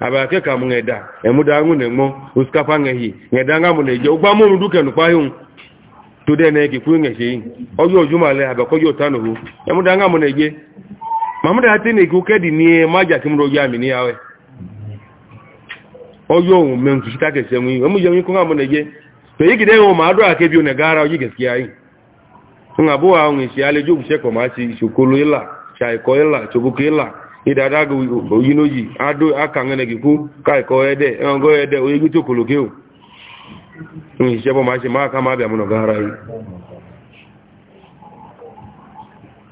aba ake ka m emuda na-enwo osikapa ngeghi ngeda nga mụ na-eje ụgba mụrụ duke nụkwa ahụ tude na eke kwu ngeche oyi ojumale abakọ yi ụta nuhu emuda nga mụ na-eje ma mụ da ate na eke uke dị n'ihe ma ji akimụrụ oyi amị n'iyawe oyi ohun me ntu sita kese nwe iwe nga mụ na-eje yi gide ma adọ ake bi ne gara oyi geske anyị nga bụ ahụ ngechi alejo gwuche kọmachi chokolo ịla chaikọ ko ịla idadaga oyinoji ado akangana giku kai ko ede ngo ede oyigi to kolokeo ni sebo ma se ma ka ma be amuno gara yi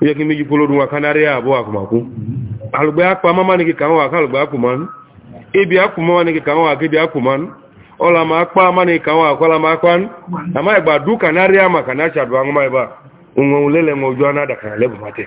ye kimi ji polo duwa kanare abo akumaku alugbe apa mama ni kan wa kan alugbe akuman ibi akuma ni kan wa ke bi akuman ola ma apa mama ni kan wa kola ma kwan ama igba du kanare ama kanacha duwa ngoma iba ungo ulele ngojo anada kan lebo mate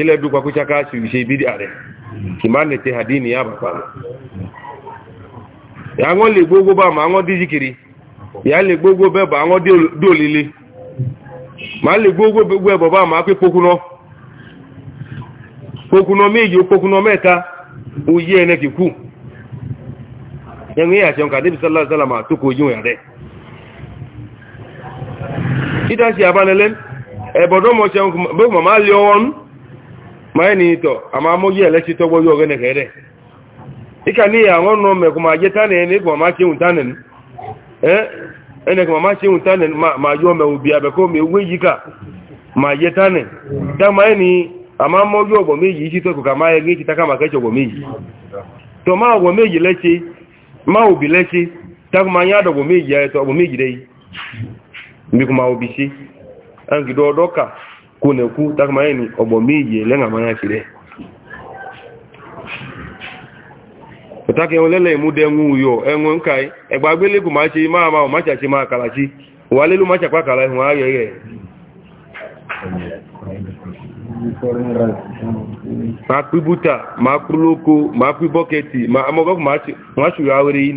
ile du kwa kuchaka shi bidi are kimane te hadini ya bapana ya ngon le gogo ba ma ngon dijikiri ya le gogo be ba ngon do ma le gogo be bo ba ma pe pokuno pokuno meji pokuno meta uye ne kiku yanwe ya shonka nabi sallallahu alaihi wasallam to ko yun ya re ida si abanelen ebodo mo shonka be mama le owon ma ni ito ama mo ye le ti to gbo yo gene kede ika ni àwọn me ko ma je ta ni ko ma kiun ta eh ene ko ma kiun ta ma ma yo me ubi abe ko me we yika ma je ta da ma ama mo yo gbo meji ti to ko ka ye ni ti ta ka ma ke jo gbo to ma gbo meji le ti ma ubi le ti ta ko ma ya do gbo meji ya to gbo meji dei mi ko ma ubi si an gido doka kunekwu takamaeni ọgbọ meji ele na manya kiri pụta ka enwelele emude enwe uyo enwe nkai egbe agbelegwu ma ma machachi ma akalachi ụwa lelu ma kpi buta ma kpụrụ oko ma bọketi ma amọgọkwu ma chụrụ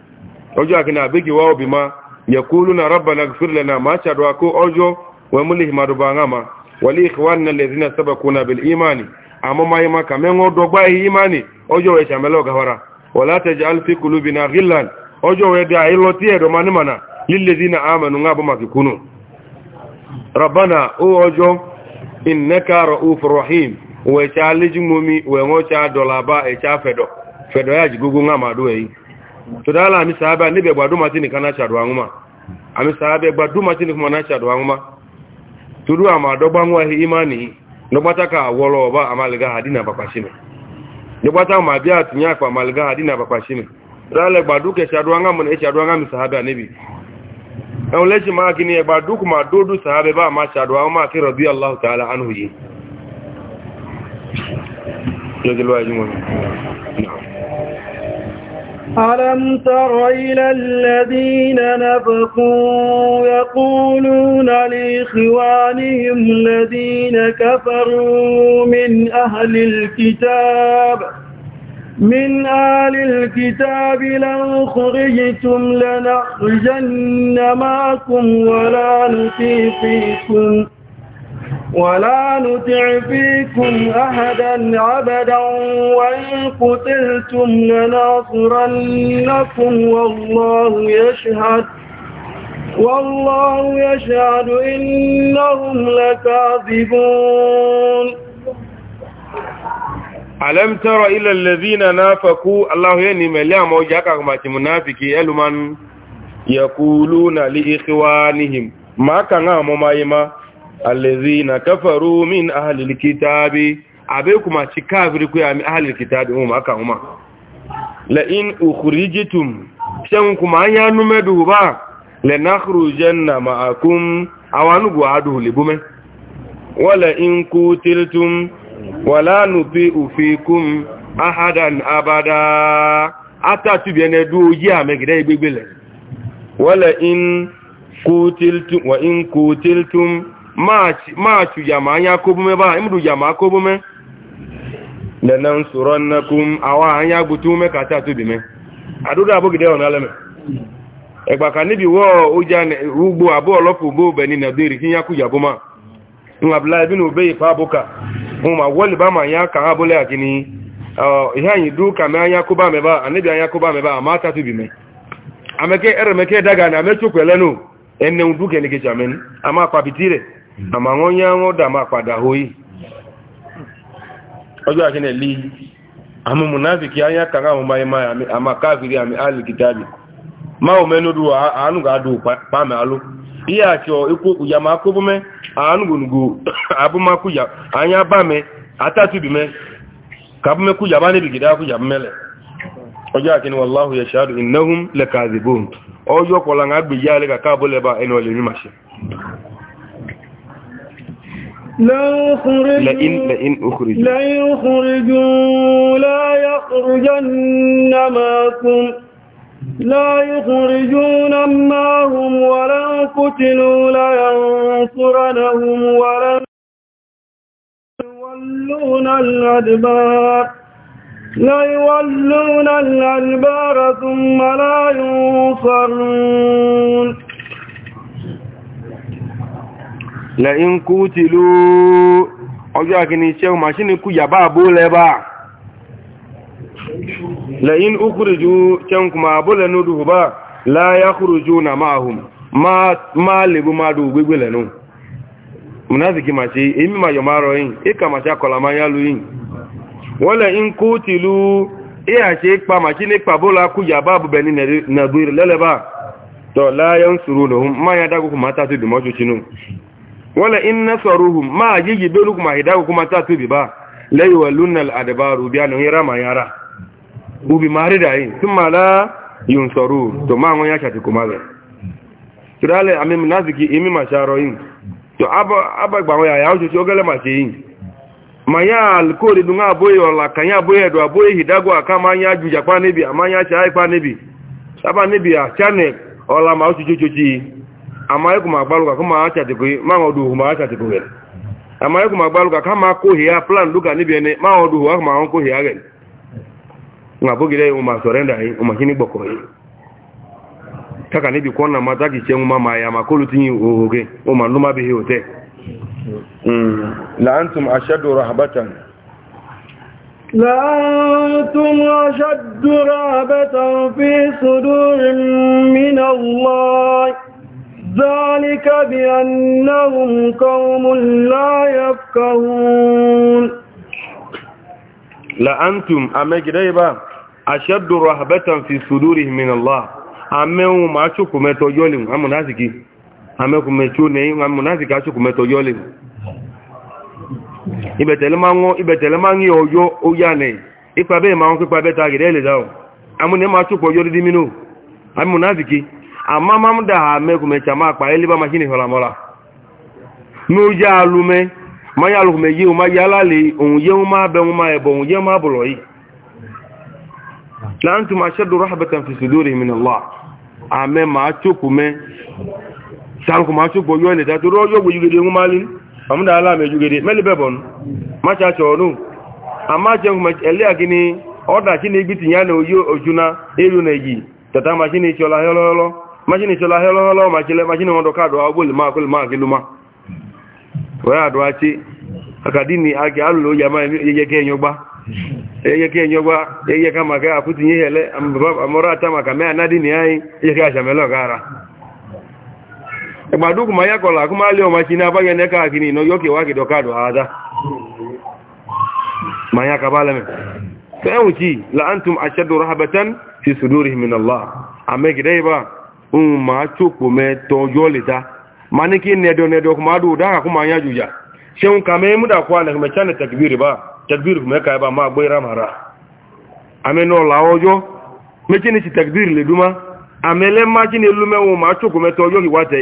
ọjọ́ àkínà àbíkì wá òbí ma yẹ̀kúlù na rọ́bà na fírílẹ̀ na máa ṣàdọ̀ àkó ọjọ́ wọn múlẹ̀ ìmàdùbà ń hàmà wọlé ìkọwà nà lè zina sábà kú na bẹ̀lẹ̀ ìmáni àmọ́ máa yẹma kàmẹ́ ń dọ́gbà ìmáni ọjọ́ wẹ̀ ṣàmẹ́lẹ̀ ọ̀gáwara wọlá tẹ̀jẹ̀ alfi kulu bi na hilland ọjọ́ wẹ̀ dẹ̀ àyílọ tí ẹ̀dọ̀ ma ní mana lílẹ̀ zina àmànù ń bọ́ màkì kúnu rọ̀bánà ó ọjọ́ ìnẹ́kàrọ̀ ufurahim wẹ̀ ṣá lẹ́jùmọ́mi wẹ̀ wọ́n ṣá dọ̀làbá ẹ̀ṣá e fẹ̀dọ̀ fẹ̀dọ̀ yà jì gbogbo ń hàmàdó ẹ̀yìn to da ala mi sahaba ni be gbadu matini kana sharu anuma ami sahabe gbadu matini kuma na sharu anuma to du ama dogba nwa hi imani no bataka wolo oba amaliga hadina bakwashime no bataka ma bia tinya kwa amaliga hadina bakwashime rale gbadu ke sharu anga mun e sharu anga mi sahabe anibi ẹun lẹ́ṣin máa kí ni ẹgbà dúkù máa dódú sàábẹ̀ bá máa ṣàdọ̀ àwọn máa kí rọ̀bí aláhù tààlà ánú yìí lójúlọ́ ẹjú wọn ألم تر إلى الذين نفقوا يقولون لإخوانهم الذين كفروا من أهل الكتاب من آل الكتاب لو خرجتم لنخرجن معكم ولا نطيع ولا نطع فيكم أحدا أبدا وإن قتلتم لناصرنكم والله يشهد والله يشهد إنهم لكاذبون ألم تر إلى الذين نافقوا الله يعني مليام وجاكا ما منافقي يقولون لإخوانهم ما كان ما alladhina kafaru min ahli alkitabi abekuma chikaviri kwa ahli alkitabi huma aka huma la in ukhrijitum shan kuma ya numedu ba la nakhrujanna ma'akum awanu guadu libume wala in kutiltum wala nuti'u fikum ahadan abada atatu biene du oji amegide igbegbele wala in kutiltum wa in kutiltum maachụ yama anya kobume ba imdu yama akobume nana nsoro nnakum awa anya gbute ume ka ta atubime aduga abugide ona leme egba ka nibi wo uja ugbo abu olofu bo beni na diri kinya ku yabuma nwa abla ibn ubay fa buka uma wali ba ma anya ka ha abule akini ihe anyị du ka me anya kuba me ba anibi anya kuba me ba ma ta atubime ameke eremeke daga na mechukwelenu enne uduke ni kichamen ama kwabitire Mm. àmà ya yá wọn dà máa padà hoyi ọjọ́ àti nílé àmì mùnáfíkì ayá kan àwọn ọmọ ẹmà àmà káàkiri àmì alìkìtàbí máa ò mẹ́nudù àánúgàádù pàmì aló iye àti ikú yàmà akóbúmẹ́ àánúgbònùgbò (coughs) abúmákúyà anyá bámẹ́ àtàtúbìmẹ́ ọjọ́ àti káàbọ̀lẹ́bà màṣẹ́ لئن لئن أخرجوا لا أخرجوا لا يخرجن معكم لا يخرجون معهم ولا قتلوا لينصرنهم ولا يولون الأدبار لا يولون الأدبار ثم لا ينصرون la in kutilu ọjọ́ akini ma ṣí ni kú yàbá àbó lẹ́bà la in ukhriju kuma àbó lẹ́nu dùgbò bá la yakhrujuna ma'ahum ma lèbú gbégbé lẹ́nu munafiki ma ṣe èmi ma yọ márọ yìí ìkà ma ṣe akọ̀lá ma yá lu yìí wọ́n ṣe pa ma ni kú yàbá lẹ́lẹ́bà tọ́ yá dágùkù wala in nasaruhum ma ajiji belu kuma hidaku kuma tatu biba la yawlun al adbaru bi an yara ma yara to ma ngon yaka kuma le tudale ame mnaziki imi masharo yin to aba aba gba ya yawo jo gele ma se yin ma ya kanya boyo do boyo akama nya juja pa amanya cha ipa nibi saba a chane ola ma o ama yeku magbaluka kuma acha tikui mango duhu ma acha tikui ama yeku magbaluka kama kuhi ya plan duka ni biene mango duhu wa mango kuhi ya gen ngabugire uma surrender hi uma kini boko hi taka ni bi kona mataki chengu mama ya makulu tinyi uge uma numa bihi hote mm la antum ashadu rahbatan لأنتم أشد رهبة في صدور من الله ذلك بأنهم قوم لا يفقهون لأنتم أمجريبا أشد رهبة في صدورهم من الله أمهو ما أشكو متوجولهم أم منازكي أمهو متوني أم منازكي أشكو متوجولهم ìbẹ̀tẹ̀lẹ́ ń wọ́n ìbẹ̀tẹ̀lẹ́ ń yí ọjọ́ ó yà nẹ̀ ipa bẹ́ẹ̀ máa ń pípa bẹ́ta gẹ̀rẹ́ amúnẹ́ máa ama ma m da ha mekwumecha ma akpa eliba ma chine hụla mọla n'ụjọ alụme manya ụma ụma ma bụlọ yi na ntụ ma shadoro habatan fi sudori ma chokwume ma chokwo yo ne tatoro yo gbujugede nwumali amda ala mejugede melibebon macha chonu ama jengu na na ojuna eru na tata majini chola helo helo machile majini mondo kado agul ma kul ma kiluma waya do ati akadini ake alu jamaa yeye kenyo ba yeye kenyo ba yeye kama ka akuti yele amora tama kama na dini ai yeye ka shamelo gara egba dugu ma yakola kuma leo machini abage ne ka kini no yoke wake do kado hada maya kabale me fa uti la ohun ma chokpo mẹtọ yọ lè dá ma ní kí nẹdọ nẹdọ kò máa dùn dáhà kó máa yájú yá ṣeun kà mẹ́ múdà kó ànà mẹ́ta ní tẹ̀kìbìrì bá tẹ̀kìbìrì kò mẹ́ka ẹbà máa gbé ramara ọ̀la ọjọ́ ti lè ma chokpo mẹ́tọ yọ ìwà tẹ̀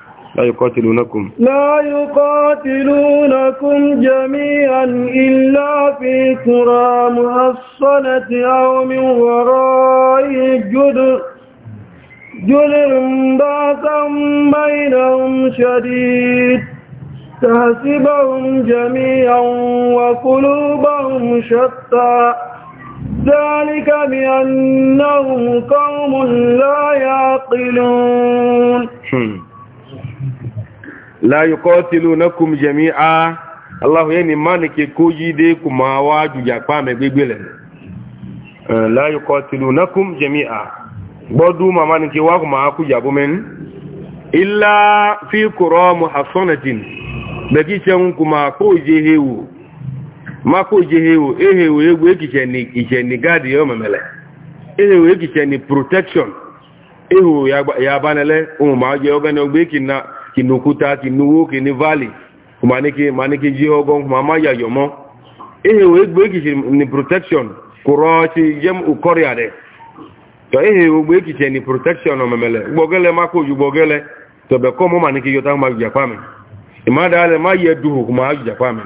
لا يقاتلونكم لا يقاتلونكم جميعا إلا في قرى محصنة أو من وراء الجدر جدر باسا بينهم شديد تحسبهم جميعا وقلوبهم شتى ذلك بأنهم قوم لا يعقلون la yuqatilunakum jami'a allah yani manike koji de kuma waju ya pa me gbegbele la yuqatilunakum jami'a bodu ma manike wa kuma ku ya bumen illa fi qura muhassanatin beki chen kuma ko je hewu ma ko je hewu ehewu egwu ekiche ni iche ni gadi yo memele ehewu ekiche ni protection ehewu ya ya banele o ma je ogene ogbe kinna kinukuta kinuwo kini valley kumaniki maniki jihogon mama ya yomo ehe we gbe ni protection kuro ti jem ukoria de to ehe we gbe ki ni protection o memele gbogele ma ko ju gbogele to be ko maniki yota ma ja pame imada ale ma ye duhu kuma ja pame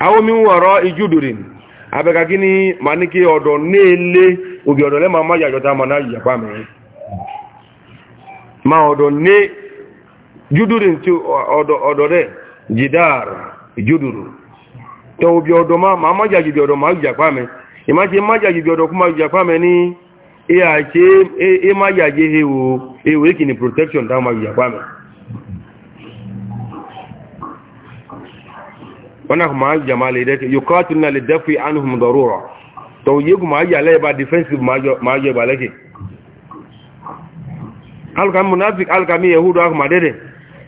awo mi woro ijudurin abeka kini maniki odo nele obi odo le mama ya yota ma na ja pame ma odo ne judurin ti ọ̀dọ̀dẹ̀ jidar juduru tọ obi ọdọ ma ma ma jàjì bí ọdọ ma jàpá mẹ́ ìmá ṣe má jàjì bí ọdọ kú ma jàpá mẹ́ ní ìyà ṣe é má jàjì ewu ewu èkì ni protection dáwọn ma jàpá mẹ́ wọ́n kò máa jàmá lè dẹ́kẹ̀ yóò kọ́ tún náà lè dẹ́kù ànúhùn dọ̀rọ̀ rọ̀ tọ yé kò máa yàlẹ́ ìbá defensive máa jọ ìbàlẹ́kẹ̀ alùkàmù náà yahudu akùmà dẹ́dẹ̀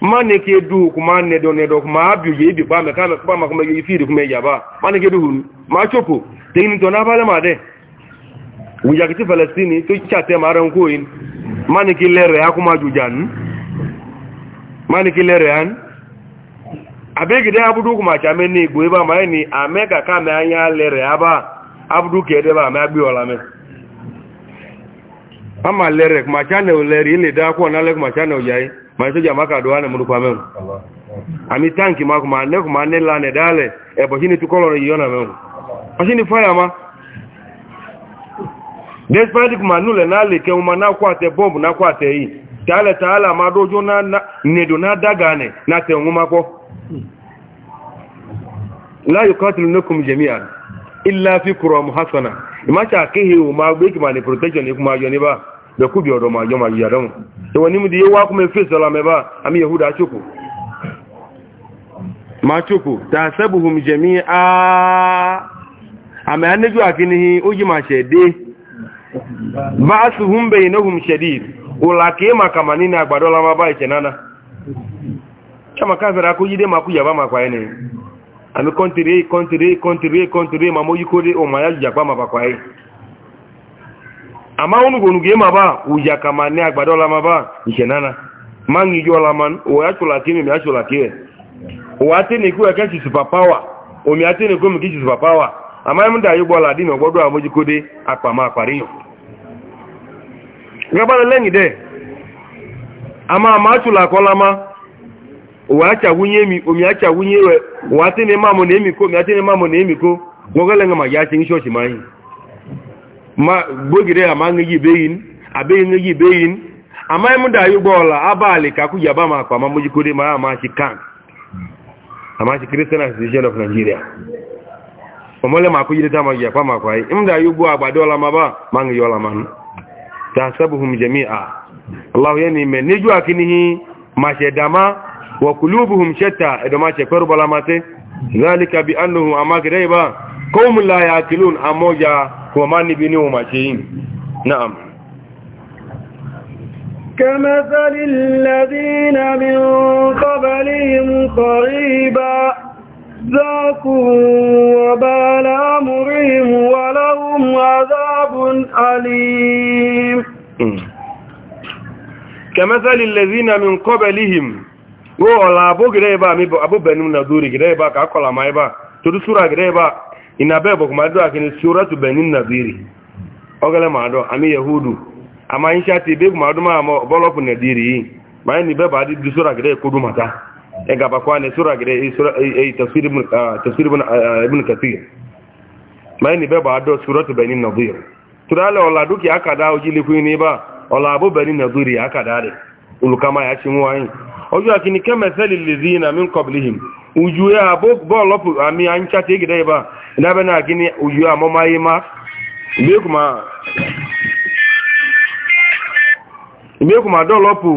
mane ke du kuma ne do ne do kuma abu ye bi ba me ka me ba ma kuma ye fi du kuma ya ba mane ke du hun ma choko tin to na ba le ma de wu ya kiti palestini to chate ma ran ko yin mane ke lere ya kuma ju jan mane ke lere an abegi de abudu kuma cha me ni igwe ba ma ni ameka ka me anya lere aba abudu ke de ba me agbe ola me ama lere kuma cha ne o lere ile da ko na le kuma cha ne ma soja maka do ane muru kwamen ami tanki ma kuma ne kuma ne la ne dale e eh, bo hini tukolo ro yona men asini fire ma despite kuma nule na le ke uma na kwa te bomb na kwa te yi tale tala ma do jo na ne do na daga ne na te nguma ko la yuqatilunakum jami'an illa fi qura muhassana imacha akihi uma be kuma ne protection ne kuma yo ne ba da kubi ọ̀rọ̀ ma yọ ma yíya dánwò ìwọ̀n ní mìdí yíwá kúmẹ̀ fèsì alamẹ́bá àmì yahuda chukwu ma chukwu ta sẹ́bùhùn jẹ̀mí àmì anájú àkínihi ó yí ma ṣẹ̀dé bá a sì hún bẹ̀yìn náà hùn ṣẹ̀dí òlà kí é maka ma nínú àgbàdo ọlọ́mà bá ìṣẹ̀ nánà kama káfẹ́ra kó yí dé ma kú yàbá ma pàẹ́ ni àmì kọ́ntìrí kọ́ntìrí kọ́ntìrí kọ́ntìrí ma mọ́ yí kó dé ọmọ ayájú yàgbá ma pàẹ́ ama unu gonu ge ma ba uja kama ne agbado la ma ba ise nana mangi jo la man o ya tula kimi ya tula kiwe o ate ne ku aka super power o mi ate ne ku mi ki super power ama mu da yugo la di me godo amoji kode apa ma apari yo ngaba le lengi de ama ma tula ko la ma o acha wunye mi o mi acha wunye we o ate ne mamo ne mi ko mi ate ne mamo ne mi ko ngogele ngama ya tin church mai ma gbogire a ma ngi beyin abe ngi beyin ama mu da yu bola abali ka ku yaba ma kwa mamuji kuri ma ma shi kan ama shi christian association of nigeria omole ma ku yita ma ya kwa ma kwa im da yu bo agbado la ma ba ma ngi yola man tasabuhum jami'a allah yani me ni ju akinihi ma she dama wa qulubuhum shatta edo ma she kweru bala mate zalika bi annahu amagriba qaumun la yaqilun amoja kuma ma ni bini ma ce كمثل الذين من قبلهم قريبا ذاقوا وبال أمرهم ولهم عذاب أليم كمثل الذين من قبلهم ولا أبو غريبا أبو بنو نذوري غريبا كأكل ما يبا تدسورا غريبا ina bẹ́ẹ̀ bọ̀ kuma dọ́wà kini suratu benin nadiri ọgọlẹ̀ ma dọ́ àmì yahudu àmà ń ṣá ti bí kuma dọ́ máa mọ bọ́lọ́pù nadiri yìí ma ń ní bẹ́ẹ̀ bá di du sura gẹ́gẹ́ kudu mata ẹ gaba kwa ne sura gẹ́gẹ́ tafsir ibn kathir ma ń ní bẹ́ẹ̀ bá dọ́ suratu benin nadiri turalẹ̀ ọ̀la dúkì akada ojú likú ní bá ọ̀la abó benin uju ya abụ bọọlụ amị anyị chata egide ebe a n'ebe na gịnị uju amụmaghị ma mgbe ma dọlọpụ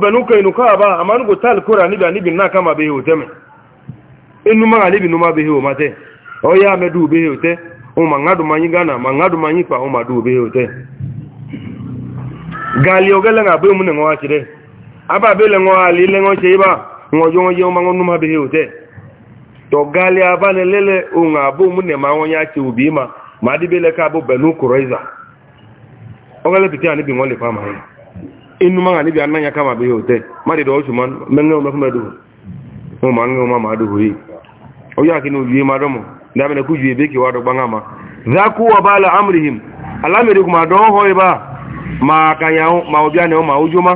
benukọ aba amanụgo talkora nibi anibi aka ma beghị oteme enuma ha nibi n'ụma beghị omate ọya medu ubeghị ote ụma ngadụ anyị gana ma ngadụ anyị kpa ụmadu ubeghị ote gali ogele nga bwe mune ngwa chire aba bele ngwa lile ngwa cheiba ngojo ngojo mango numa bihi ute to gali abane lele unga bu mune mango nya chi ubima bele ka bu benu kuroiza ogele pitia ni bingole pama he inu manga ni bi ananya kama bihi ute madi do chuman menge du o hui kinu yi ndabe bangama amrihim alamiri kuma don ma kanya ma obi ane ma ujuma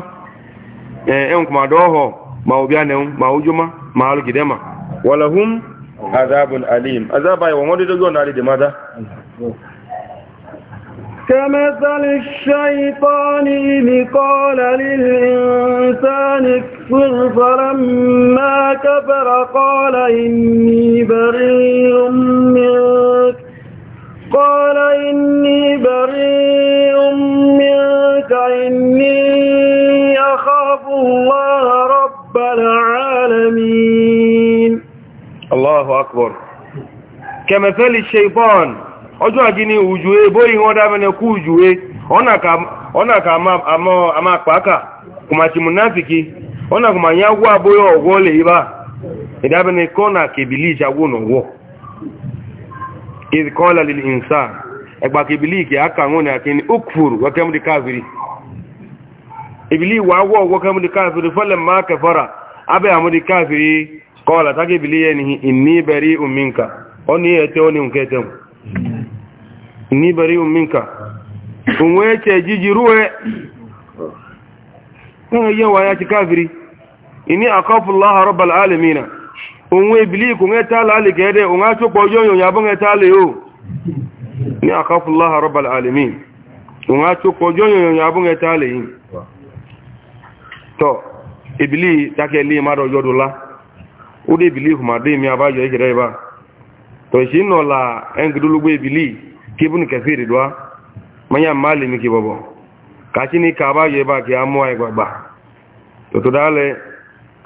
eh en eh, kuma doho ma obi ane ma ujuma ma alu gidema walahum azabun alim azaba ya wonde dogo na de mada كمثل الشيطان إذ قال للإنسان اكفر فلما كفر قال إني بريء منك قال إني بريء منك إني أخاف الله رب العالمين الله أكبر كمثل الشيطان ọjọ́ àjíní òjúwé bóyí Ọ na kú òjúwé ọ́nà ka àmà pàákà kò máa ti mú náàfikí ọ́nà kò yá wà bóyí ọ̀wọ́ lè yíbá ìdábẹ́nà kọ́nà kèbìlì ìṣàwò إذ قال للإنسان أكبر إبليك أكامون أكين أكفر وكم دي كافري إبلي وعوه وكم دي كافري فلما كفر أبي أمو دي كافري قال تاكي إبلي ينهي إني بريء منك أني أتوني مكتم إني بريء منك ومويك جيجي روه يوم يا كافري إني أخاف الله رب العالمين onwe ibilik onwe taala ali ka ede onwe achụkpọ ojo onyoonyo abụ nwe taala o ni akafullah rabbal alamin onwe achụkpọ ọjọọ onyoonyo abụ nwe taala yi to ibili take li ma do jodula o de ibili huma de mi abajo ikere ba to shi no la engdulu gbe ibili kibun kafiri dwa manya mali mi kibobo ka chini ka abajo ba ki amu ai gbagba to to dale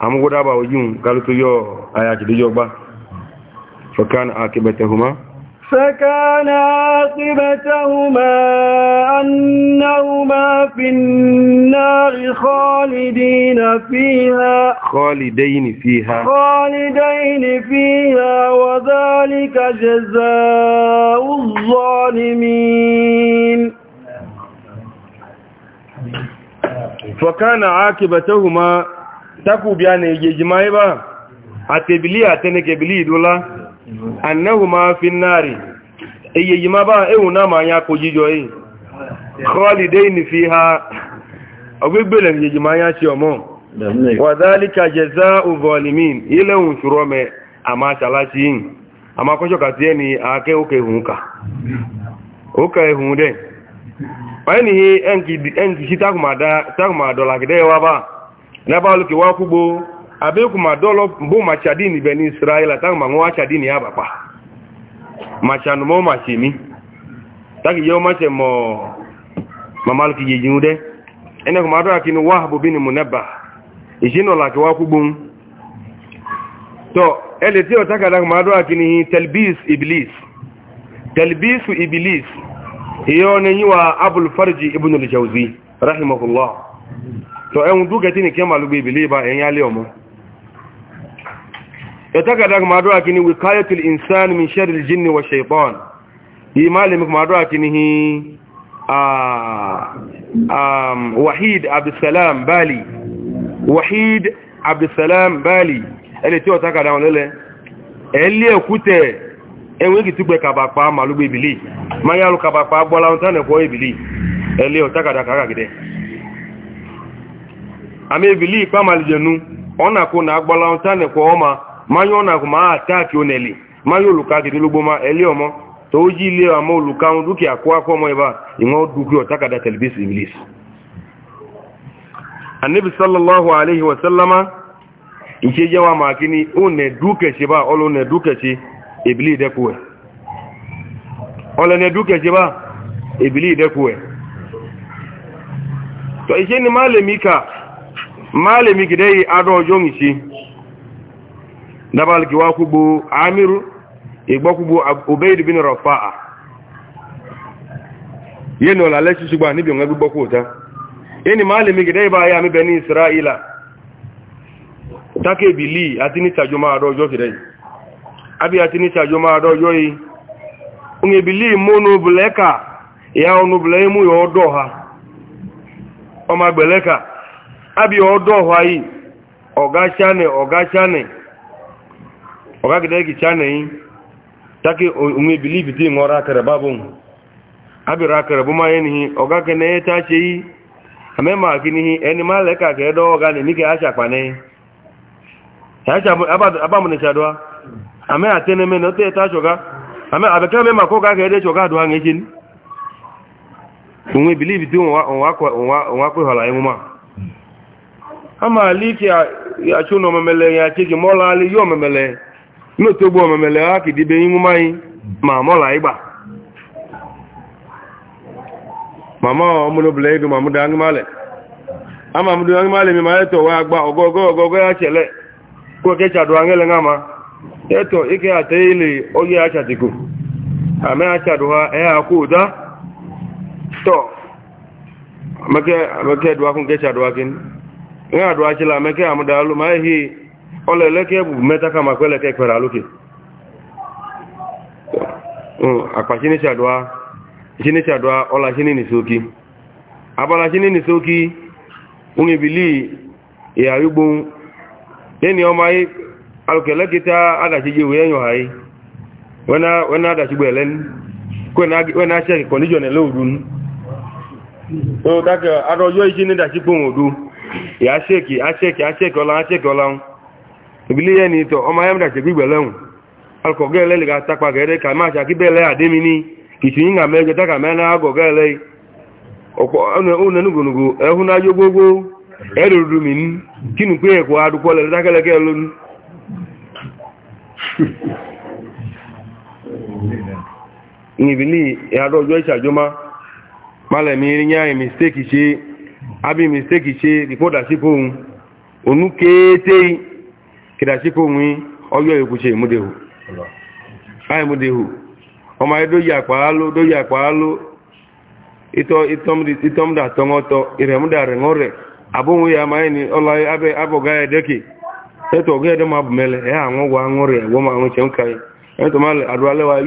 amúgbódába oyún kálùtù yọ ayàjìdí yọ gbá fẹ́kán àkíbẹ̀tẹ̀hùmá فكان عاقبتهما أنهما في النار خالدين فيها خالدين فيها خالدين فيها وذلك جزاء الظالمين فكان عاقبتهما takubiya na ejeji mai ba a tebili a tene kebili idola annahu fi nari ejeji e ma ba ewu na ma anya ko jijo yi e. khalidain fiha ogbegbele ejeji ma anya si omo wa dhalika jazaa'u zalimin ile un shurome ama salati ama ko ka ti eni ake oke hunka oke hunde wani e enki enki sitakumada takumadola kide wa ba nabaluki wakubo abeku madolo bu machadini beni israela tang mango achadini haba pa machanu mo machimi taki yo mache mo mamaluki jijude ene ko madara kinu wahbu bin munabba ijino la ke wakubo to ele tio taka la madara kini talbis iblis talbis iblis hiyo ne yiwa abul farji ibn al-jawzi rahimahullah to ẹun dúkẹtí ní kí ma lùgbé ìbìlẹ̀ bá ẹ̀yìn alẹ́ ọmọ ẹ̀tàkàdà kùmàdúrà kí ni wikayatul insan min sharil jinni wa shaitan yìí máa lè mi kùmàdúrà kí ni wahid abdulsalam bali wahid abdulsalam bali ẹni tí ọ̀tàkàdà wọn lẹ́lẹ́ ẹ̀lẹ́ ẹ̀kútẹ̀ ẹ̀wọ̀n kì túgbẹ̀ kàbàpá ma lùgbé ìbìlẹ̀ ma yálù kàbàpá gbọ́lá ama ebili ikpe amalijenu ọ na-akwụ na agbala nta nekwa ọma manya ọ na-akwụ ma ataki oneli manya oluka gidolugboma eliọmọ to o ji ile ama oluka ndu ki akụ akwa ọmọ ebe a inwe dukwi ọtakada telibis iblis annabi sallallahu alaihi wa sallama nke jawa makini o ne duke ba ọlụ ne duke ebili ibli dekuwe olo ne duke ba ebili dekuwe to ishe ni malami ka malami gidai ado jongishi dabal giwa kubu amiru igbo kubu ubayd bin rafa'a yeno la leshi sugba ni bi ngabi boko ta eni malami gidai ba ya mi bani isra'ila take bili atini tajo ma ado abi atini tajo ma ado jo bili mono bleka ya onu blemu yo do ha abi odo hwayi oga chane oga chane oga gide gi chane yi taki onwe believe nwọrọ akara babu abi ra kare bu ma yeni oga kene ta amema eni ma ka ke do oga na ke acha pane acha abadu abamu ne chadwa ame atene me no te ta shoga ame ka shoga onwe ama aliki achụ na omemele ya chi gị mọla alị ya omemele n'otogbo omemele ha ka dibe inwu mmanyị ma mọla ịgba mama ọmụdụbụla ego mamụdụ aṅụmalị ama mụdụ aṅụmalị mi ma eto wee agba ọgọgọ ọgọgọ ya chele kweke chadụ aṅụle nga ma eto ike ata ili oye achatiku ame achadụ ha ehe akwụ ụda tọ amake amake dụwa kwụ nke chadụ e a dụghachila ameke a mdalụ ma ehi ọla eleke bụ meta ka makwa eleke ekpere alụke hmm, akpa chineke adụa ọla chinese oki abala chinese oki bili ya ọma adachiji wee yọ yi wena adachigbo wena na ele odun so dake na ya acheki acheki acheki ọla acheki ọla ibili ihe ni to ọmọ ayamda ṣe gbígbẹ̀ lẹ́hùn alkọ̀gẹ́ ẹlẹ́ ga takpa gẹ̀ẹ́rẹ́ ka máa ṣe akíbẹ̀ ẹlẹ́ àdémi ní kìtì yínga mẹ́jọ taka mẹ́ná agọ̀gẹ́ ẹlẹ́ ọ̀pọ̀ ọ̀nẹ́nugbònugbò ẹ̀hún ìṣàjọ́má malẹ̀mí rí yáyìn mistake ṣe abi mistake ṣe report àṣípò òun òun kéèté kìdàṣípò òun ọyọ́ ìkú ṣe ìmúdehù àìmúdehù ọmọ ayé dóyè àpááló dóyè àpááló ìtọ́mdà tọ́ngọ́tọ́ ìrẹ̀múdà rẹ̀ ń rẹ̀ àbóhun ya máa ní ọlá abẹ́ abọ̀gá ẹ̀dẹ́kì ẹ̀tọ́ ọ̀gá ẹ̀dẹ́ máa bùmẹ́lẹ̀ ẹ̀ àwọn ń rẹ̀ wọ́n máa ń ṣe ń ka ẹ̀tọ́ máa àdúrà lẹ́wà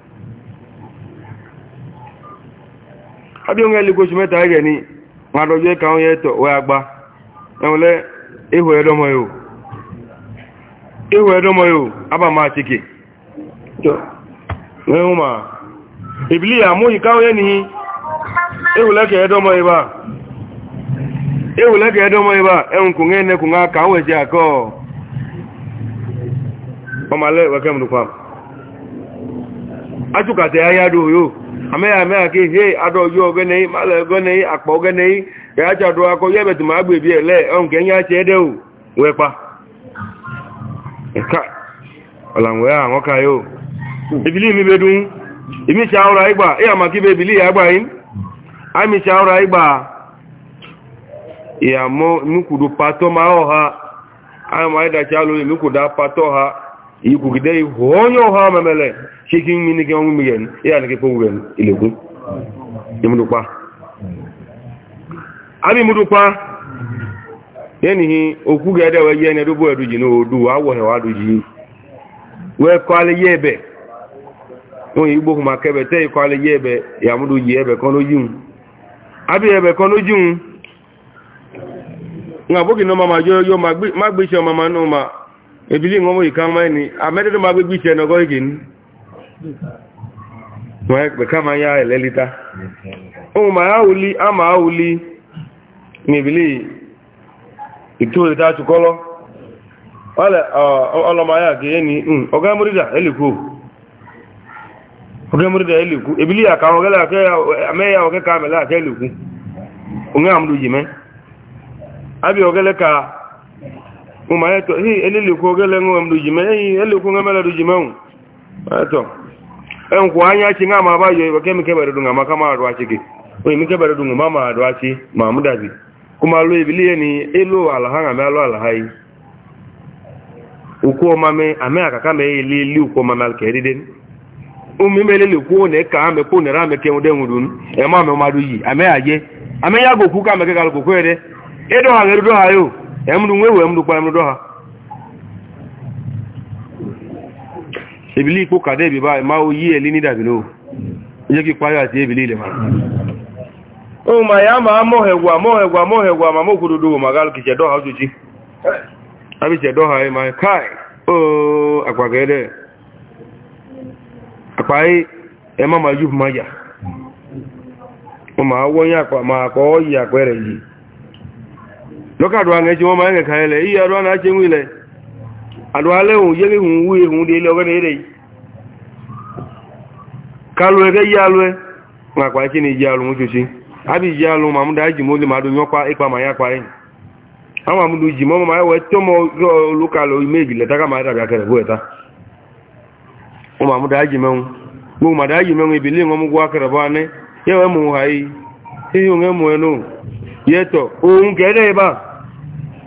abịa onwe elugochi meta a ga-eni ma ka onye eto wee gba enwele ihu edomoyo ihu edomoyo aba ma chiki ehu ma ibili ya amụghị ka onye n'ihi ehule ka edo ba ehule ka edomoyo ba a. E ka o weji aka ọ ọmale wekem dukwa amẹ́yà mẹ́yà kí he adọ́ yọ ọgẹ́nẹ́yí málẹ̀ ọgẹ́nẹ́yí àpọ̀ ọgẹ́nẹ́yí ẹ̀yájá àdọ́ akọ yẹ́bẹ̀tì máa gbèbí ẹ̀ lẹ́ ọ̀n kẹ́yìn àti ẹ̀dẹ́ ò wẹ́pa ẹ̀ka ọ̀làwẹ́ àwọn ká yóò ìbílí mi bẹ dún ìmí ṣe àwòrán ìgbà ẹ̀ àmà kí bẹ ìbílí àgbà yín àmì àwòrán ìgbà ìyàmọ́ máa ọ̀ ha àmà ha ikwugide iwu onye ọha omemele chiki mmiri gị ọnwụ mmiri ya na kekwa wuwe ilekwu imudukwa abi mudukwa yanihi okwu ga-ede wee yie na edobo eduji na odu awọhe wa aduji wee kọalị ya ebe onye igbo hụ maka ebe tee kọalị ya ebe ya mụdụ ji ebe kọ n'ojiwu abi ebe kọ n'ojiwu nga bụghị na ọma ma jọọ yo ma gbịchị ọma ma ebili ngọmọ yìí kan máa ní amẹ́dẹ́dọ́ máa gbégbé ìṣẹ́ ẹnagọ́ ìgè ní wọ́n ẹgbẹ̀ ká máa yá ẹ̀lẹ́ lítá ohun máa áwùlí a máa áwùlí ní ebili ìtò ìta àtúkọ́lọ́ ọlọ́máyà gẹ̀ẹ́ ní ọgá múrídà ẹlẹ́kù ọgá múrídà ẹlẹ́kù ebili àkàwọn ọgẹ́lẹ́ àkẹ́ ụmụ anyị tọ hi elilikwu ogele nwe m rujime ehi elikwu nwe mele rujime nwụ etọ enkwụ anya chi nga ma abayo iwe ke mike beredu nga maka ma arụachi gị onye mike beredu nga ma ma arụachi ma m dazi kuma lo ibili e ye ni elu ala ha nga me alụ ala ha yi ukwu ọmame ame akaka e e ma eli eli ukwu ọmame alụ ka eride ụmụ ime elilikwu na ka ha mekwu nere ameke nwude nwuru nu eme ma mmadụ yi ame ya je ame ya gokwu ka ameke galụ gokwu ere edo ha ga ha yo ẹmúdù wọ́n èwò pa ẹmúdù dọ́ha ebili ipò kàdé ìbí báyìí máa yí ẹ̀lí ní dàbìlò jẹ́ kí parí àti ìbílí ilẹ̀ ohun ma ya ma mọ́hẹ̀wà mọ́hẹ̀wà mọ́hẹ̀wà ma mọ́ òkúdodo wọ màgá kì ma káì ooo àpàgẹ́dẹ́ àpáyé ẹ ma ma lọ́kà àdúrà ń ẹjẹ́ wọ́n ń ẹ̀ka ẹlẹ̀ iye àdúrà náà ṣe ń wílẹ̀ àdúrà lẹ́hùn yẹ́ hùn wú ehùn dé ilé ọgọ́nà èdè kálù ẹgẹ́ yí alú ẹ wọn àpá ẹkí ni ìjẹ́ alú mú ṣoṣe ábí ìjẹ́ alú màmú dáa jì mọ́ lè máa dùn yọ́pa ipa màá yá parí àwọn àmúdù jì mọ́ máa wẹ́ tó mọ́ yẹ́tọ̀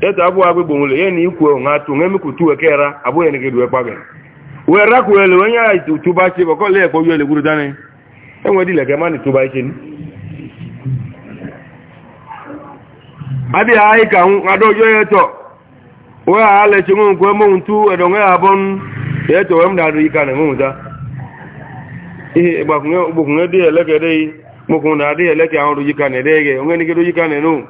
eto abu agbe gbomule ye ni ikwu nga tu nge kutu ekera abu ye ni kedu ekpa ge we ra ku ele wonya tu ba che ko le ko yele guru dane e wodi le ke ma ni tu ba ni abi ai ka un ado yo ye to we a le chi ngun ko mo ntu edo nge abon ye to em da ri ka ne ngun da e ba ku nge bu ku nge de ele ke de mo ku na de ele ke awon ru ji ka ne de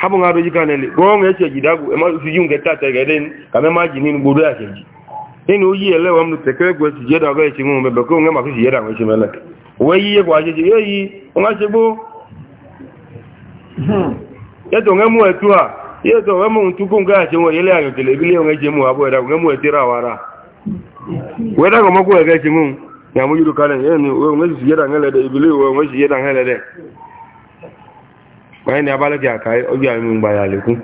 hapo ngado jikanele gonga eche jidagu ema sijui ungetata gadeni kama maji nini bodo yake ji nini ujielewa mtu tekele kwa sijeda kwa eche ngombe bako ngema kwa sijeda kwa eche meleke weiye kwa yi, yeyi ungache bo hmm. yeto ngemu etua yeto ngemu ntuku ngache yele ayo tele bile mu abo era ngemu etira wara wera ngomo kwa eche ngu nyamu yuru kale yeni wewe ngesi sijeda ngele de ibili wewe ngesi sijeda ngele de báyìí ni abálẹ́gẹ̀ àkàrí anyị na ìgbàyà lèkún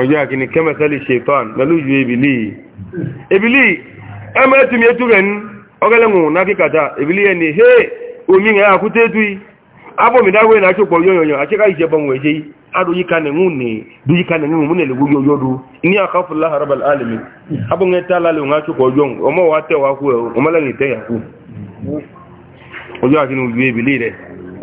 ọjọ́ àkíní kẹ́mẹ̀sẹ́lì ṣetán pẹ̀lú ju ebìlì ebìlì ẹmọ ẹtù mi ẹtù rẹ̀ ní ọgẹ́lẹ́gùn náà kíkàtà ebìlì ẹni hé omi rẹ̀ àkúté tú abọ́mìdáwó ìrìnàjò pọ̀ yọ̀yọ̀ àṣíká ìjẹbọn wa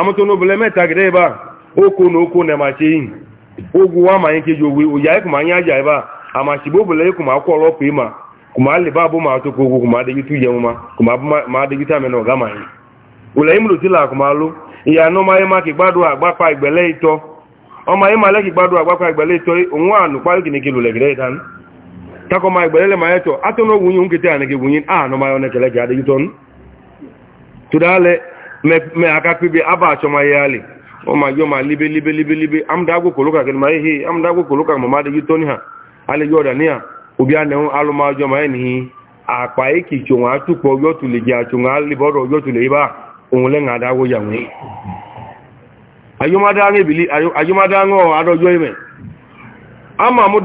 amụtụnụ bụla emeta gide ebe a oko na oko na amachi eyi wa ma anyị nkeji owe ụya ịkụ ma anya aja ebe a amachigbo bụla ịkụ ma akwụkwọ ọlọpụ ịma kuma liba abu ma to kogo kuma de gitu yema ma de gitu ma ula imru tila ma yema ki gbadu agba pa igbele ma yema le ki gbadu ito onwo anu pa ki ni ki ma igbele le ma eto ato no wunyu nkete anike wunyin ah no ma me aka kpibi aba achọma ya ali ma gị ma libe libe libe libe amda agwụ koloka ma ihe amda agwụ koloka ma mmadụ gị toni ha alịghị ọrịa na obi a na-enwe alụmajọ ma akpa ekichi onwe achụkpọ oge otule ji achụ nwa alibe ọrụ oge a onwele ya ayụmada ime ama ma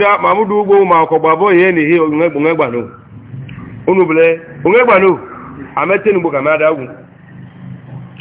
akwọgba abụọ ihe na ihe ka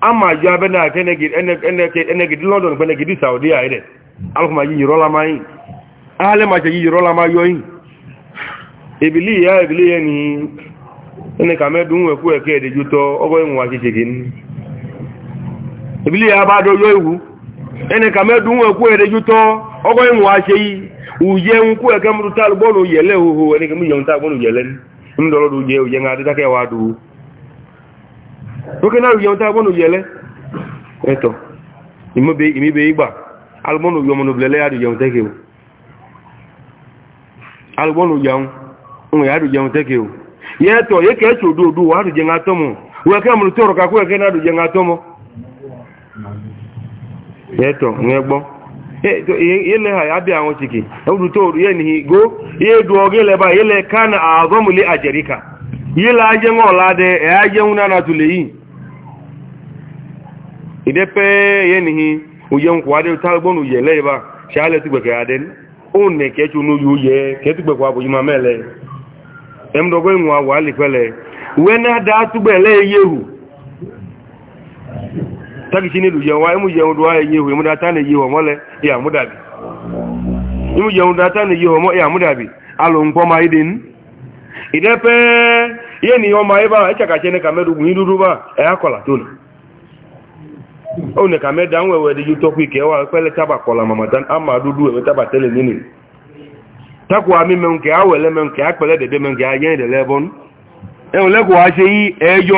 ama ma abẹ náà kẹ ẹnẹgidi london pẹ ẹnẹgidi saudi ayé dẹ alùpùpù yìí yìí rọlá máa yìí alẹ́ máa ṣe yìí rọlá máa yọ yìí ìbílí ìyá ìbílí yẹn ni ẹnìkà mẹ́dùn ẹ̀kú ẹ̀kẹ́ ẹ̀dẹ̀jú tọ ọgọ́ ìwọ̀n àṣìṣe kìíní ìbílí ìyá bá dọjọ́ ìwú ẹnìkà mẹ́dùn ẹ̀kú oke na ruyo ta bonu yele eto imobe imibe igba albonu yo monu blele ya ruyo teke o albonu yan un ya ruyo teke o ye to ye ke chu du du wa ruje ngatomo we ke mu toro ka yele ha ya bi awon chiki go ye yele kana azamu li yila aje ngola de e aje una na tuleyi idepe yenihi uye nkwa de talgbonu yele ba shale ti gbeke aden one ke chunu yuye ke ti gbekwa bu yima mele emdo go nwa wa li pele wena da tu gbele yehu taki chini lu yewa emu yewu do aye yehu emu da tane yehu mole ya mudabi emu yewu da tane yehu mo ya mudabi alo nkoma idin idepe ihe na ihe ọma ebe ahụ ịchaka cheneka mere ugwu iruruba akọla tona one ka meda nwe were ji ụtọkwa ike wa ekpele tabakọla ma mata ama dudu ewe tabatele nini takwa mi me nke a wele me nke a kpele dede me nke a dele e wele ko ase yi ejo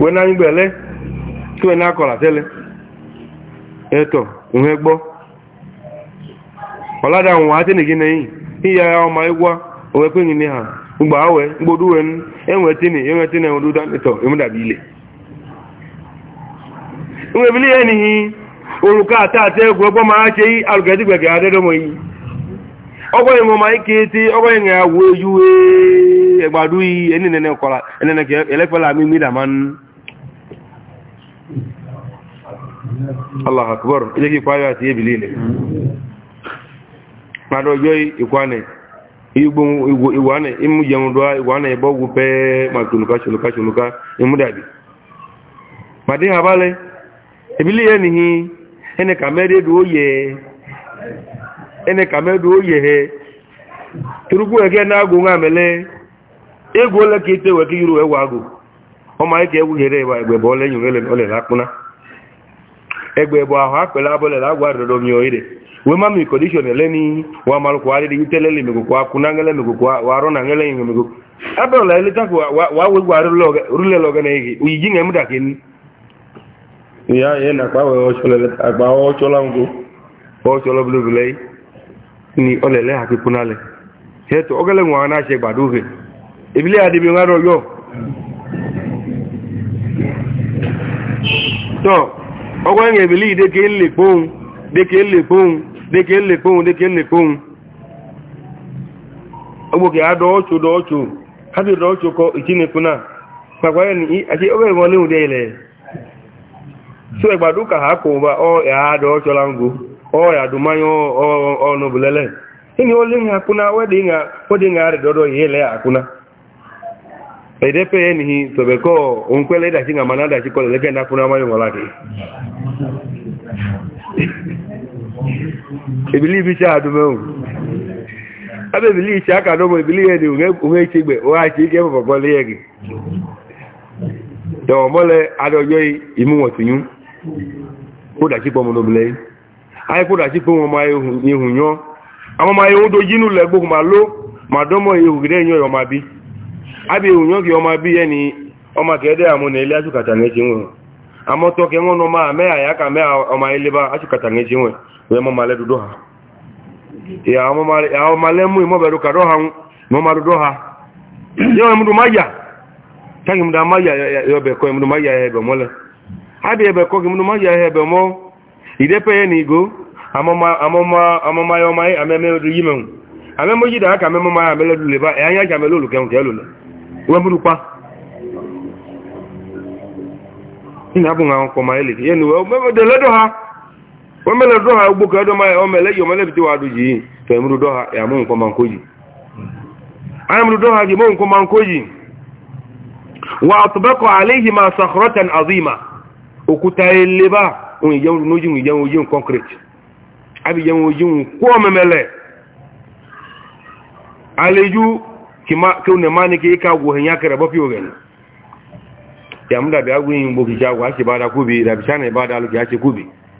we na ni gbele to na kola tele eto unhe gbo ola da won yi o ha mgbe ha wee mgbodo uwe enwetini enwetini enweduda mịtọ emedaba ile e nwebili ya n'ihi oluka ata ata egwu ọgbọ ma ha chee alụgadigwe ga adịrị m oyi ọgbọ ịṅụ ma ike eti ọgbọ ịṅụ ya wuo yuwe egbadu iyi enene kwara enene ka elefela amị mmiri ama nnu Allah akbar ije ki kwayo ati ebili ne ma dojo ikwani imu jẹunduwa igwana ibogu pẹ́ makinuka ṣunuka ṣunuka imu dàbí pàdé àbálẹ̀ ìbílí ẹni hì ẹnẹ̀kà mẹ́rẹ́dù ó yẹ̀ ẹ́ turukú ẹ̀kẹ́ náàgùn ń egwu ole ka ite weke yuru ewu agụ ọma ike ewughere ịba egbebe ole nyụrụ olele akpụna egbebe ahụ agwa rịrịrị onye oire we mami condition eleni wa maluko wale di tele le mego kwa kuna ngele mego na ngele ngo mego abro la ile taku wa wee gwa rulo rule lo gane yi ji ngem da ya ye na kwa we ochole le agba ochola ngo ocholo blu blu ni olele ha ki ogele ngaro yo ide ke le pohun de ke deke lekponwu deke lekponwu ogboke adọọchụ dọọchụ ha dị dọọchụ kọ ìchinekwu náà pàpàá ẹni àti ọgbẹ́ ìwọ̀n léhùn dé ile so gbadu ka ha kò bá ọ ẹ̀hà dọọchọ lango ọ ẹ̀dùmáyọ ọ̀nàbùlẹ́lẹ̀ ẹni ó léhùn akúná ya nihi ebili bi iche adome o ebe ebili iche aka adome ebili ihe dị onwe iche igbe ụgha iche ike mụbọgọla ihe gị tẹwọ mọlẹ adọjọ imu wọn tunyu kódàtí pọ mọlọ bilẹ ayé wọn máa àwọn máa dojú inú máa ló máa bí abi ihun yọ kí ọmọ bí yẹ ni ọmọ kẹdẹ àmọ ní ilé asukata ní ẹtì wọn àmọ wọn máa àyàkà ọmọ wee mamale dodo ha ya mu ha ha yo mu tangi mu da yo be ko mu maya ebe mole ebe ko mu maya ebe mo idepe ni go amoma amoma amoma yo mai ameme amemo yida aka mai amele ba lu mu pa ina bu nga ko mai le ye ni de ha omele dɔ ha gbogbo ɛdɔ ma yɛ ɔmɛlɛ yi ɔmɛlɛ bi wa do yi fɛmuru dɔ ha nkɔ ma nko yi ayamuru dɔ ha yamu nkɔ ma nko yi wa atubɛkɔ alehi ma sakorɔtɛn azima okuta eleba oyin jɛn n'oji ŋun jɛn oji ŋun kɔnkireti abi jɛn oji ŋun kɔ mɛmɛlɛ aleju kima ne maa ni ke ika wo hɛnya kɛrɛ bɔ yamu dabi awo yin bo kija wo a se ba da dabi sani ba da alu kija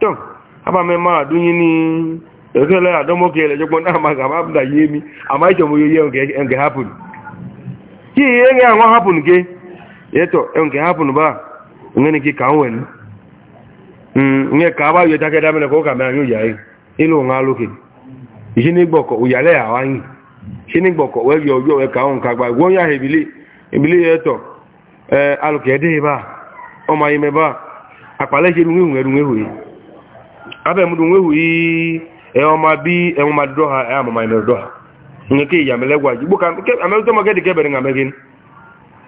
tọ́ abàmẹ́ máa dúnyí ní ẹ̀kẹ́lẹ́ àdọ́mọ́kẹ́ ilẹ̀ náà máa gàmà àbúdà yé mi àmà ìṣọ̀mọ̀ yóyé ẹ̀ǹkẹ́ hápùn kí ẹ̀rẹ́ àwọn hápùn ké yẹ́tọ̀ ẹ̀ǹkẹ́ hápùn bá ni kí kàún wẹ̀n ìyẹn hmm, kà bá yọ yìí ìlú òun á lókè yìí ìṣínígbọ̀kọ̀ wẹ́yọ ọjọ́ ẹ̀ kàún kagbà wọ́n yà abe mudu nwehu yi eoma bi eoma doha e ama mai doha ngeke ya melegwa ji buka ke amel to magedi ke bere ngamegin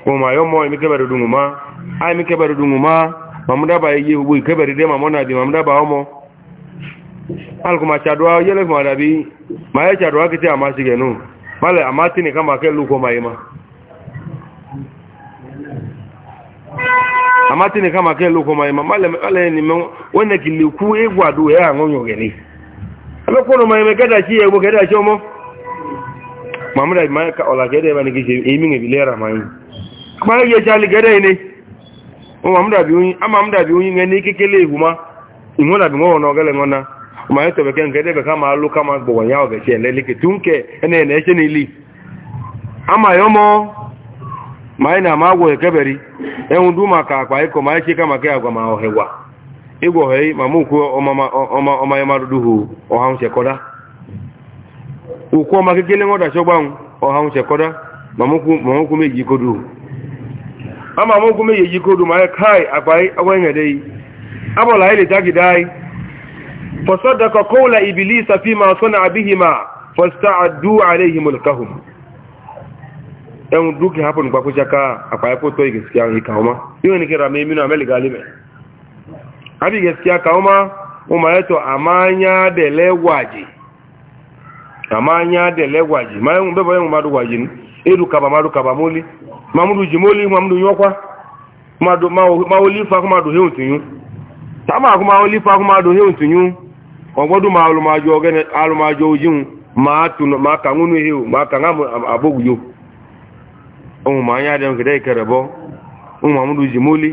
ko ma yo moy mi ke bere dungu ma ai mi ke bere dungu ma mamuda ba yi bu ke bere de mamona daba mamuda ba omo al kuma chadwa ma dabi ma ya chadwa kiti amasi genu male amati ni kama ke lu ko mai ma amati ni kama ke loko mai ma le ale ni mo wona ki le ku e gwadu e an gele ame ko no mai me kada chi e bo kada chi omo mamra mai ka ola gede ba ni ki e mi ngi lera mai kuma ye jali gede ni o mamra bi oyin ama mamra bi oyin ngani kekele iguma ingona bi ngona ogele ngona ma yeto be ken gede be kama lu kama bo ya be tunke ene ene ma anyị na-ama agwọ ekeberi enwudu maka akpa ịkọ ma echeka maka agwa ma ọhewa ịgwọ hei ma mụkwu ọmanya maduduhu ọha nchekọda ukwu ọma kekele nwọdachi ọgbanwụ ọha nchekọda ma mụkwu meji ikodu ama mụkwu meji eji ikodu ma kai akpa agwa enyedeghị abọla anyị leta gide anyị فصدق قول إبليس فيما صنع بهما فاستعدوا عليهم الكهف ẹ̀hún dúkìá hapun gbakúṣá ká àpáyẹ́kó tó ìgẹ̀síkíá ga yíò ní ka mi mínú amẹ́lì galí mẹ́ àbí ìgẹ̀síkíá kàwọ́má mo máa yẹ́tọ̀ àmáyádẹ̀lẹ́wàjì àmáyádẹ̀lẹ́wàjì máa yẹ́hún ma yẹ́hún máa dùwàjì ní èdù kàbà máa dù kàbà ma máa múdù ma mólí ma múdù yọ́kwá máa olí fa fa ohun anya dị nkede ikerebo ụmụ amụrụ jimoli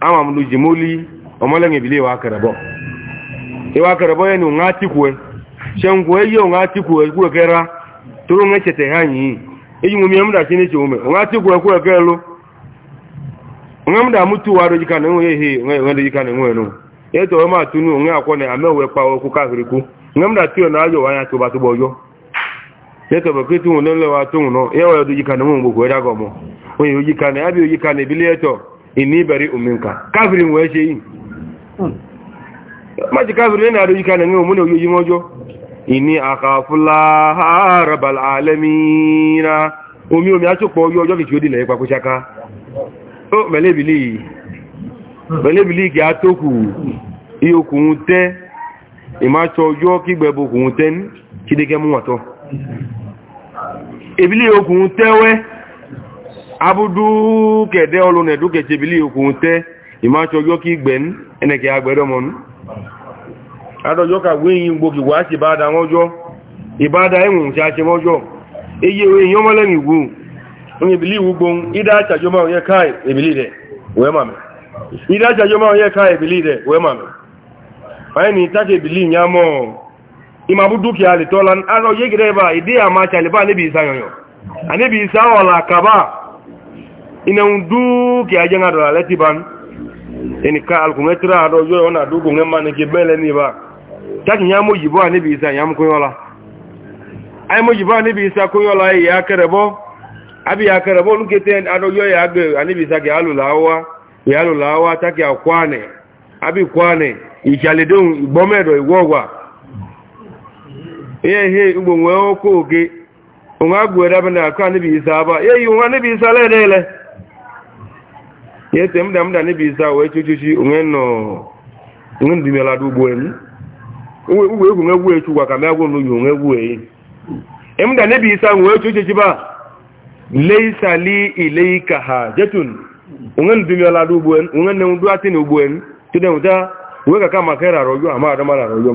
ama jimoli ọmọlẹ́yìn ìbílẹ̀ iwa akẹrẹbọ iwa akẹrẹbọ yẹn ni òun á tìkù ẹ ṣẹ́nkù ẹ yẹ òun á tìkù ẹ kú ẹkẹra tóró ń ẹ̀ṣẹ̀tẹ̀ ha yìí èyí mú mi ẹmúdà sí ní ṣe òun mẹ òun á tìkù ẹ kú ẹkẹrẹ ló òun ẹmúdà ehe òun dojúkà nínú yẹtọ bẹ kí tí wọn lọ wa tó wọn nọ ụmụ yọdọ yìí kan ní wọn gbogbo ẹdá gọmọ wọn ojika yìí kan ní abẹ yìí kan ní ìbílẹ̀ ẹtọ ìní ìbẹ̀rẹ̀ òmìnkà káfíìrì wọn ẹ bụ yìí má ti káfíìrì lẹ́nu àdó yìí kan ní wọn múnà yóò yí omi omi atsopọ̀ yọ kìkì ó kì á kùn ní mú ebili okun tewe abudu kede olone duke jebili okun te ima chojo ki gben eneke agbedo mon adojo ka weyin gbogi wa si bada wonjo ibada ehun ti a se wonjo eye we eyan mo leyin wu onye ebili wu gbon ida chajo ma oye kai ebili de we mame ida chajo ma oye kai ebili de we mame ayi ni take ebili nyamo imabu dukiya le tolan aro yegire ba ide ama chale ba nebi isa yoyo anebi isa wala kaba ina dukiya jenga do leti ban eni ka al kumetra ado yo ona dugo ngemma taki nyamo yibo anebi isa nyam ko yola ay mo yibo anebi isa abi ya kerebo lukete ado yo ya gbe anebi isa ke taki akwane abi kwane ijale don igbomedo ihe ihe igbo nwee okwu oge onwe agwere abụ na akụ anibi isa aba ya yi nwa anibi isa ala ele ya ete mda mda anibi isa wee chuchuchi onwe nọ onwe ndị mela dị ugbo emi ugbo egwu nwe egwu echu gwa ka mee agwụ n'uyi onwe egwu eyi emda anibi isa wee chuchuchi ba leisa li ileika ha jetun onwe ndị mela dị ugbo emi onwe nne ndu ati na ugbo emi tudenwuta uwe kaka maka ịrara e ọjọọ ama adamara ọjọọ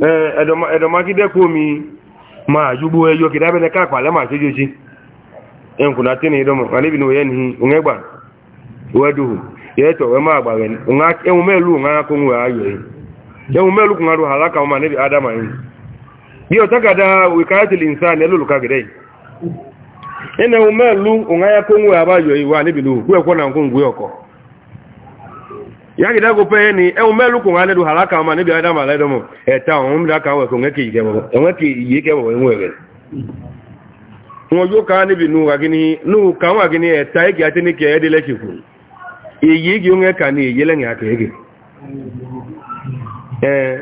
ẹ̀dọ̀mákídẹ́kù eh, omi máa jùgbó ẹyọ kìdá bẹ́ẹ̀ káàkpà lẹ́mà ṣe jẹ́ sí ẹnkùnà tí ní ìdọ́mọ̀ alébìnú yẹ́ ní ọ̀gbà wẹ́dùhù yẹ́tọ̀ ẹ máa gbàrẹ̀ ẹ̀hùn mẹ́lú ọ̀hánkóhùn ayọ̀ yìí ẹ̀hùn ya gida gope ye ni ewu melu kun ale du halaka ma ni bi adam ale do mo eta on mi da ka we ko ngeki ige mo ngeki ige ke mo enwe we won yo ka ni bi nu ga gini nu ka wa gini eta ege ati ni ke ede le ki ku iyi gi unge ka ni ye e, e le ni ati e ege eh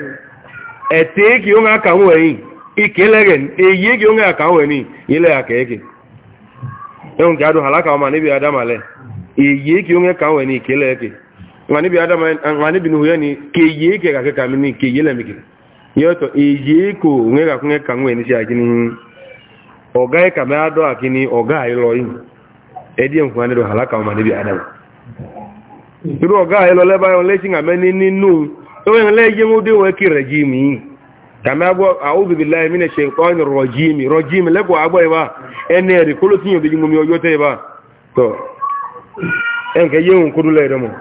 ete gi unga ka wo yi ikele gen iyi gi unga ka wo ni ile aka ege ewu ga du halaka ma ni bi adam ale iyi gi unge ka wo ni ikele ege ngani bi adama ngani bi nuhu yani ke ye ke ka ka mini ke la yoto ko nge ka kunge ka ngwe ni si akini oga e ka ma do akini oga e lo e di nfu do halaka ma ni bi adama iru oga e lo le ba e le singa me ni ninu to e en le je mu de we kama a'udhu billahi minash rajim rajim le ko e ba de e ba to en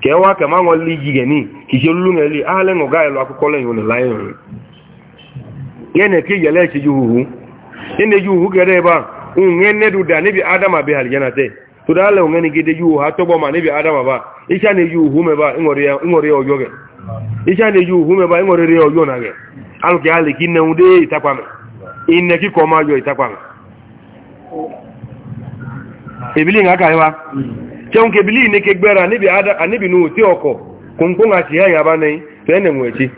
kewa ka ma nwale iji ge ni kìí lulu ngeli ahale ngoga elu akụkọ lẹ́yìn ònà láyé rẹ̀ yẹ́ na ke yẹlẹ́ ẹ̀ṣẹ́ ju uhu ina ju huhu a ne unwe nedu da adama bi haljana te to da ala unwe ni gede ju ha tọgbọ ma níbi adama ba isha ne ju huhu meba ngori ya ọjọ gẹ̀ isha ne ju huhu meba ngori ya ọjọ ke gẹ̀ alùkẹ́ alì kí nẹun dé ìtakwàmì inẹ kíkọ itakwa yọ ìtakwàmì chenwụ nke bili gbera gbere anibi na oti ọkọ kụnkụ ngachi ya yaba na fene nwechi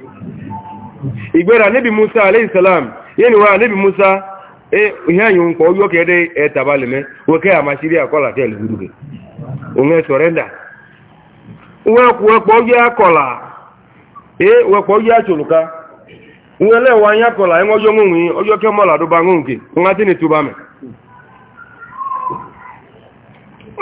igbere anibi musa alayhi salam yeni musa e, ihe anyị nkwa e oyi oke a etabali me nwoke ya machiri akọla tel guruge onwe sorenda wekpo oyi akọla wekpo dụba nke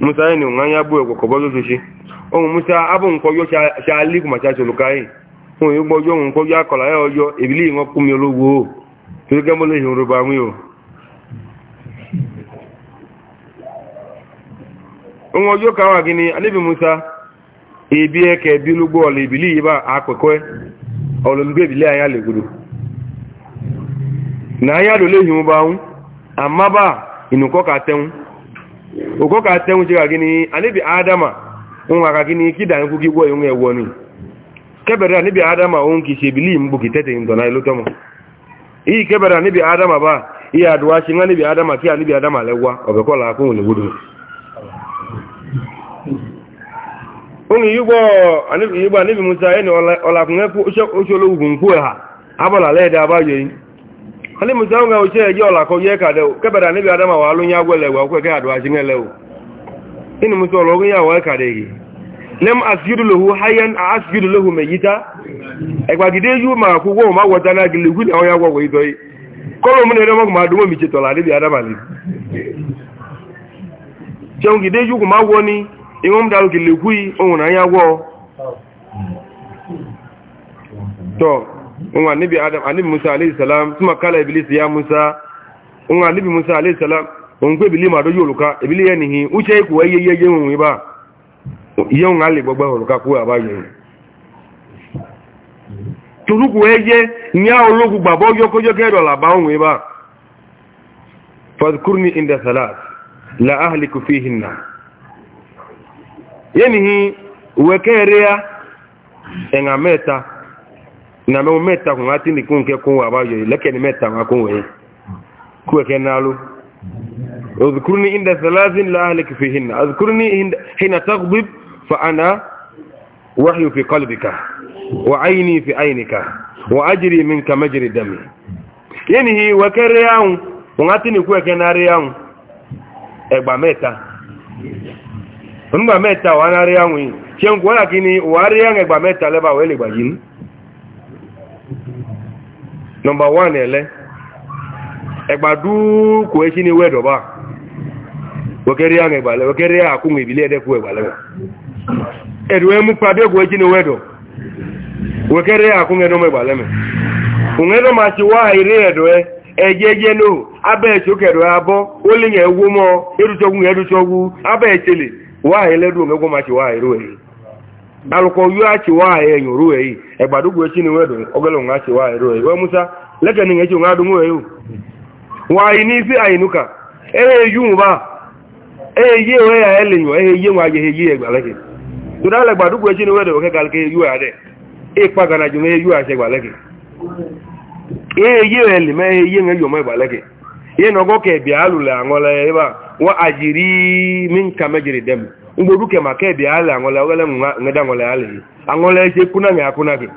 musa ni nga ya bu ko bojo shi o musa abu nko yo sha ali kuma cha chulukai o yo bojo nko ya kola ya ojo ibili ngo kumi olowo to ke mo le hin ro o anibi musa e bi lugbo ole ibili ba apekwe gudu ba amaba ka oko ka tẹ́hun ṣe kàgíní aníbi adama ohun àkàgíní kí dàní kú kí wọ́ ìhun ẹ̀wọ́ ni kẹbẹ̀rẹ̀ aníbi adama ohun kì ṣe bìlì mú kì tẹ́tẹ̀ ìdọ̀nà ìlú tọ́mọ̀ iyi kẹbẹ̀rẹ̀ aníbi adama bá iye àdúwá ṣe ń aníbi adama kí aníbi adama lẹ́wà ọ̀bẹ̀kọ́ làákùn òní gbódò ohun ìyúgbọ́ aníbi musa ẹni ọlàkùn ẹkú oṣ ani musa nga oche eje ọla ka oye ka deo kebere anibi adama wa alụ ya gwele wa kweke adụ aji ngele o ini musa ọla ogun ya wa ka deghi lem asjudu lahu hayyan a asjudu lahu meyita egbagide yu ma kwụgwọ ma gwọta na gili gwu na onye agwọ gwa idoi kọlọ mụ na-ere mọgụ ma adụmọ mi chetọla anibi adama li cheun gide yu ma gwọ ni ịṅụ m dalụ gili gwu na anya gwọ tọ unwa nabi adam anabi musa alayhi salam tuma kala iblis ya musa unwa nabi musa alayhi salam on ko ibili ma do yoruka ibili yeni hi uche ku eye ye ye won ba ye un ale gbogbo yoruka ku aba ye turuku eye nya ologu gbabo yoko yoko do la ba won ba fadhkurni inda salat la ahliku fihinna yeni wekerea enga meta na mɛ mɛta kun ati ni kun kɛ kun wa a b'a yɔ lɛkɛ ni mɛta kun e kun wɛyɛ kuwa kɛ naalu اذكرني عند ثلاث لا أهلك فيهن اذكرني حين تغضب فأنا وحي في قلبك وعيني في عينك وأجري منك مجري دمي يعني هي وكرياون ونعتني كوي كنارياون ẹgbà mẹ́ta nígbà mẹ́ta wà náà rí àwọn èèyàn ṣe ń kọ́ yà kí ni wà á rí àwọn ẹgbà mẹ́ta lẹ́bàá wẹ́lẹ̀gbà yìí Number one ele eh, egba duu ko ni wedo ba wokeri ang egbale wokeri akụ nwe ibili edefu egbale e ni wedo wokeri akụ nwe no egbale me unwe eh, ejeje no abe e chokedo abo olinye ewu mo eruchogwu eruchogwu abe echele wa ile e du ngegwo ma chi wa ire ẹgbàdo gbogbo etí ni wọ́n dùn ọgọ́lọ́ ṣe wá ẹ̀rọ musa lekeni ní ẹ̀ṣẹ̀ wọn adùn wọ́n ẹ̀rọ wọn ayinuka ní sí àyè nùkà ẹ̀rẹ̀ èyí wọn bá ẹ̀rẹ̀ yé wọn ẹ̀yà ẹ̀ lè yàn ẹ̀rẹ̀ yé wọn ayé yé ẹgbà lẹ́kẹ̀ tó ngbogu ke ke bi ala ngola wala nga ngada ngola ala yi angola je kuna a kuna bi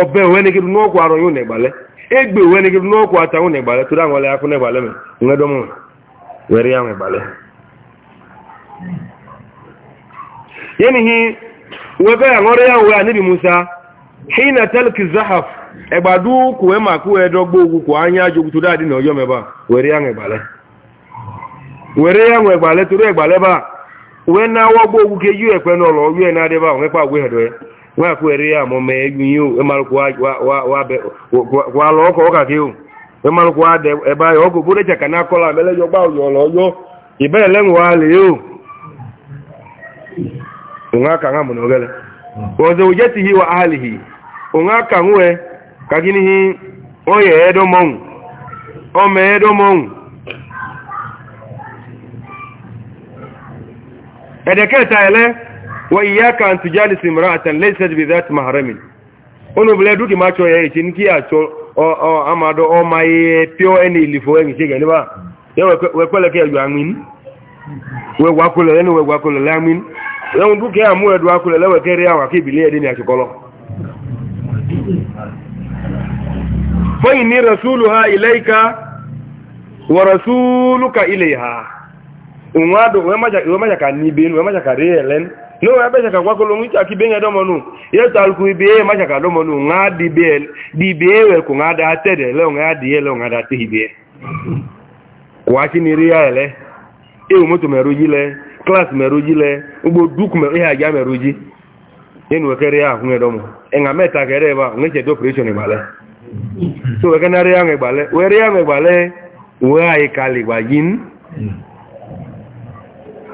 obe we ne ki no kwa ro yune gbale egbe we ne ki no kwa ta une gbale tura ngola gbale me mu ya me gbale yeni hi we be ya we ani bi musa hina talki zahaf ku e ma ku e dogbo ogu ku anya na oyo meba weri ya gbale were ya nwe gbale turu egbale ba we na awa ọgbọ ogwu e ke ju ekwe n'ụlọ ru na adịba ahụ nwekwa agwa ya ma ma egwu ihe gwala ọkọ ọka gị ịmarụkwa adị ebe ahụ ọgụ bụrụ na akọla ụyọ ọlọ ibe ele nwa ogele ọzọ nwe ka gị n'ihi ẹ̀dẹ̀kẹ́ta ẹ̀lẹ́ wọ ìyá kan tó jáde sí mìíràn àtàn lẹ́sẹ̀dì bí that maharamin onúbìlẹ̀ dúkì máa tọ́ ẹ̀ ìṣẹ́ ní kí àtọ́ àmàdọ́ ọmọ ayé pure ẹni ìlìfọ́ ẹni ṣe gẹ̀ẹ́nìbà wẹ́pẹ́lẹ́kẹ́ ẹ̀yọ àmìn wẹ́wàkúlẹ̀ ẹni wẹ́wàkúlẹ̀ lámìn ẹ̀hún dúkì àmú ẹ̀dù akúlẹ̀ lẹ́wẹ̀kẹ́ rí ni àṣekọlọ ha ilẹ̀ ìka wọ ka ilẹ̀ umado wema ja wema ja kanibin wema ja karelen no wema ja kwa kolongi cha kibenga domo nu yesu alkuibie wema ja domo nu ngadi bel dibewe ku ngada atede le ngadi ye le ngada tibie kwa chini ria ele e umoto merujile class merujile ubo duku me ya ja meruji yenu kere ya hunye domo enga meta kere ba ngeche do operation ibale so wekana ria ngibale we ria ngibale wa ikali wa yin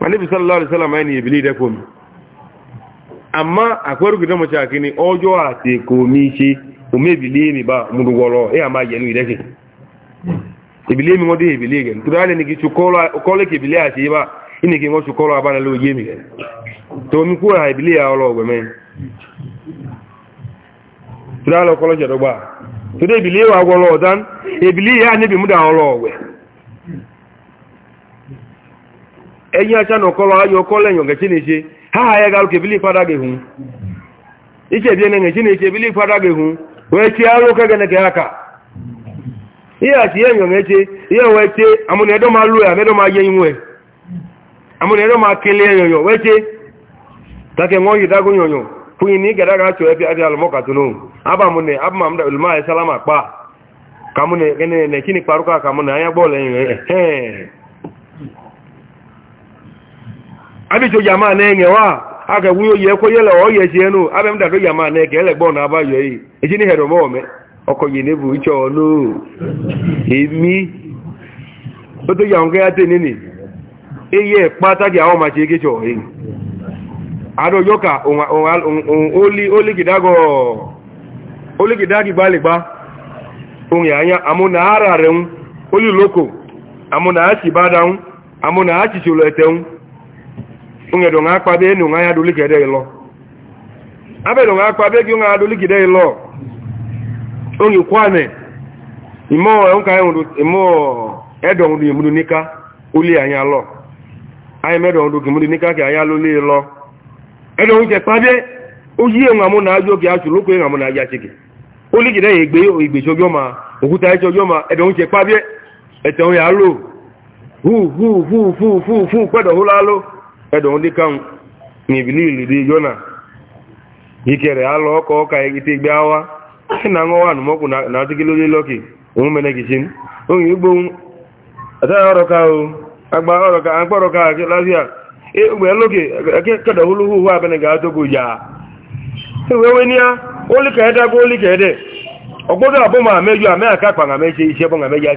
manabi sallallahu alaihi wasallam yani ibili da komi amma akwai rukunin mace a kini ojo a te komi ce ume ibili mi ba mudugoro e ama yenu idake ibili mi ngode ibili gen tudale ni kichu kola kola ke ibili a ce ba ini ke ngoshu kola abana lo yemi gen to mi ko ha ibili ya olo gbe men tudale kola je do gba tudale ibili wa golo dan ibili ya ni bi muda olo gbe enyi acha na ọkọlọ aya ọkọlọ enyo nke ha ha ya ga alụka ebili ikpada gị hụ iche bie nenye ebili ikpada gị hụ wee chie alụ ka aka ihe achi enyo eche ihe wee chie amụna edo ma ya ma ye inwe amụna edo kelee wee che take nwa nyonyo na gara ga achọ ebe salama ka ne chini kparuka ka mụne abịchọ jama na-enye wa aga ga-egwunye oyi ekwe yele ọ yechi enu abịa m dado jama na-eke elegbọ na abayọ eyi ejini here ọmọ ome ọkọyi nebu iche ọnụ emi oto ya te nini iye e kpata gị ahụ machi ike chọ eyi adọjọ ka oligida gị gbaligba onye anya amụna ararị oliloko onye do akpa kwa be nu nga ya duli kede ilo abe do be kwane imo unka yundu imo edo nika uli anya lo ayi medo ndu nika ke anya lo li ilo edo unje kwa oyi enwa mu na ajo ki asulu ko enwa mu na aja chike uli ya egbe egbe jojo ma okuta jojo ma edo unje kwa be ya hu ẹ̀dọ̀ ndị dị ikere alụ ọka ọka egite igbe awa (laughs) na ṅụwa anụmọkwụ na adịgịlele lọki omumene ọrụ ka o agba ọrụ ka akpọrọ ka lazia egbe lọki kedahulu hu ha abene ga-atọgo ya ewewe ni ya oli ka ede ka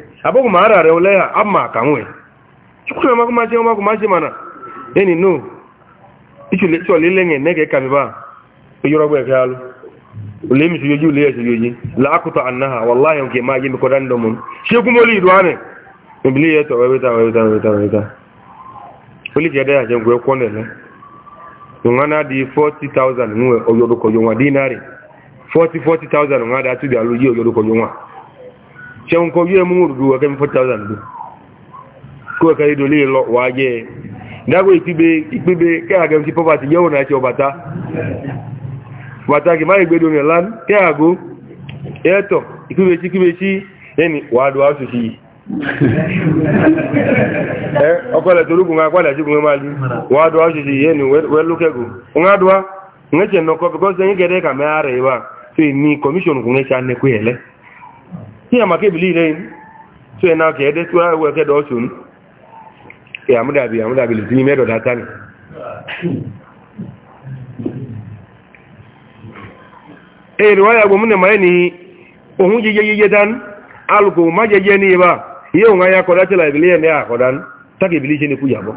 abụghị maara re ole ya abụ nwe aka nwee chukwu maji amakwụmachi maji mana eni no ichọlile nye nege kabiba oyorọgba eke alụ ole mi sojoji ole ya sojoji la akụtọ anaha wallahi nke ma jimi kọda ndọ mụ shekwu moli idu ane mebili ya tọ weweta weweta weweta weweta oli jada ya jengwe kwọnele yongana di 40000 nwe oyodokoyo 40 40000 da alụ nwa cɛn ko yɛ mun du wa kɛmi fo thousand do ko ka yi doli lɔ waa jɛ n'a ko ikpi be ipi be kɛ a kɛmi si pɔpati yɛ na cɛ o ba ta ba ta k'i ma yi gbe do ŋa lan kɛ a go yɛ e tɔ ikpi be si ikpi be si yanni e waa do a sosi yi ɛ ɔkɔlɛ tolu kun ka kɔlɛ si kun ka ma li waa do a sosi e ni wɛlu kɛ go ŋa do a ŋa cɛ nɔ kɔfɛ kɔsɛ ŋa kɛ dɛ ka mɛ a rɛ wa so ni commission kun ka ca ne ko yɛlɛ ní àmà kébìlì ilẹ̀ yìí tó ẹ̀nà ọkẹ̀ ẹ̀dẹ́ tó ẹwọ ẹ̀kẹ́dọ̀ ọ̀ṣùn ẹ̀ àmúdàbí àmúdàbí lè tí ní mẹ́dọ̀ dáta nì èrè wáyà gbọmú nẹ̀mà ẹ̀ ní ohun jíjẹ jíjẹ dán alùkò má jẹjẹ ní ibà iye òun ayá kọ̀dá tí làbìlì ẹ̀ ní àkọ̀dá tákìbìlì ṣe ní kú yàbọ̀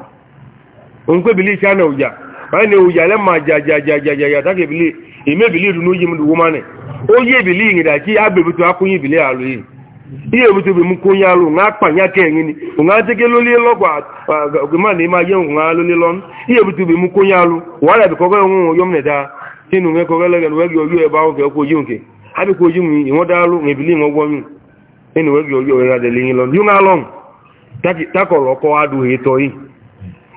òun pé bìlì ṣe á nà òjà báyìí ni ìyàlẹ́ máa jàjàjàjàjàjà tákì ìbílẹ̀ ìmé ìbílẹ̀ ìdùnnú yìí mú wọ́n mánẹ̀ ó yé ìbílẹ̀ ìrìnà kí agbèbùtò akúnyí ìbílẹ̀ àlò yìí iye ìbùtò bí mú kóyá lò ń pàyà kẹrin ni òun á tẹ́kẹ́ lólé lọ́gbà ọgbẹ̀mọ́ ni máa yẹ òun á lólé m ló ìbílẹ̀ wọn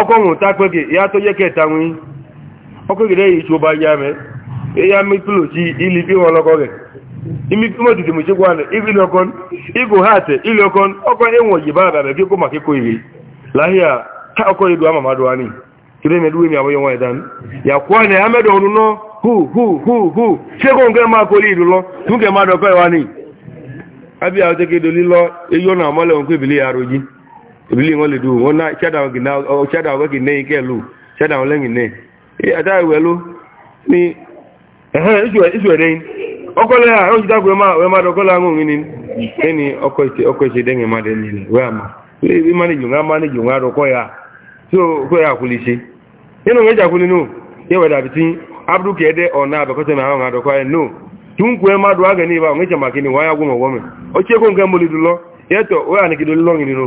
ọkọ̀ nwụta ya tonye keta nwe Ọkọ ya ichi ụba ya me ya mipilo chi ilipi wọn lọkọ gẹ imipi mo tètè mo chekwa ní ibi lọkọn igò ha ọkọ yìí bá bàbẹ kí kó màkí ọkọ kí kó ibili wọn le du wọn na ṣẹ́dàwọn gina ọ ṣẹ́dàwọn gẹ́gì nẹ́yìn kẹ́lù ṣẹ́dàwọn lẹ́yìn nẹ́ àtàrí wẹ̀lú ní ẹ̀hẹ́ ìṣù ẹ̀dẹ́yìn ọkọ̀lẹ́ àwọn òṣìṣẹ́ wẹ́má dọ́kọ́lá àwọn òun ní ọkọ̀ ìṣe dẹ́yìn má dẹ́ nílẹ̀ wẹ́àmà lè mánéjì ńlá mánéjì ńlá rọkọ́ ya tí ó kọ́ ya kú lè ṣe nínú méjà kú nínú yẹ́wẹ̀ dàbí tí abdulkẹ́ ẹ̀dẹ́ ọ̀nà àbẹ̀kọ́tẹ̀ náà àwọn àdọ́kọ́ ẹ̀ no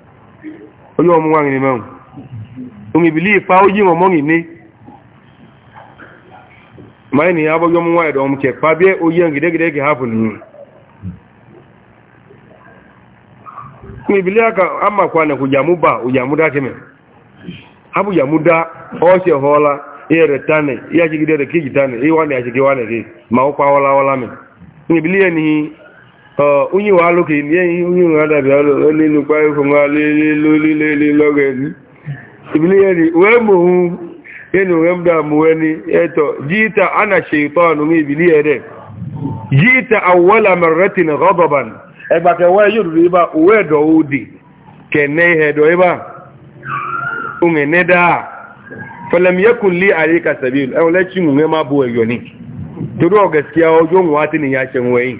onye ọmụnwa nri menwụ omibili ifa oyi ọmọ nri ne ma ị na ya abụghị ọmụnwa ya dọmụ kekpa bịa oyi ngidegide ga hapụ n'ihu omibili aka amakwa na ụjamụ ba ụjamụ da kemị abụ yamu da ọchị hụọla ihe retane ihe achigide rekijitane ihe nwanne achigi nwanne onye nwe alụ ka ị nye ihe onye nwe adabịa elu kpa ife nwa lelelelelelogeni ibiliyeri wee mụhụ yẹni wee mda mụweni eto jita ana shaitan nụ ibiliyere jita awwala marratin ghadaban egba ka wee yuru riba uwe do udi kenne ihe do iba unge neda falam yakun li alika sabil awlachi nwe ya chen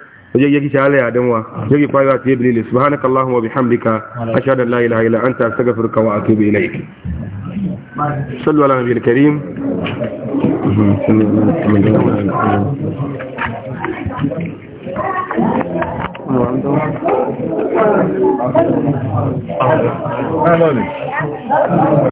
وجي وجيجي تعالى دموا يجي قايوا تبريل سبحانك اللهم وبحمدك اشهد ان لا اله الا انت استغفرك واتوب اليك صلوا على النبي الكريم Thank you.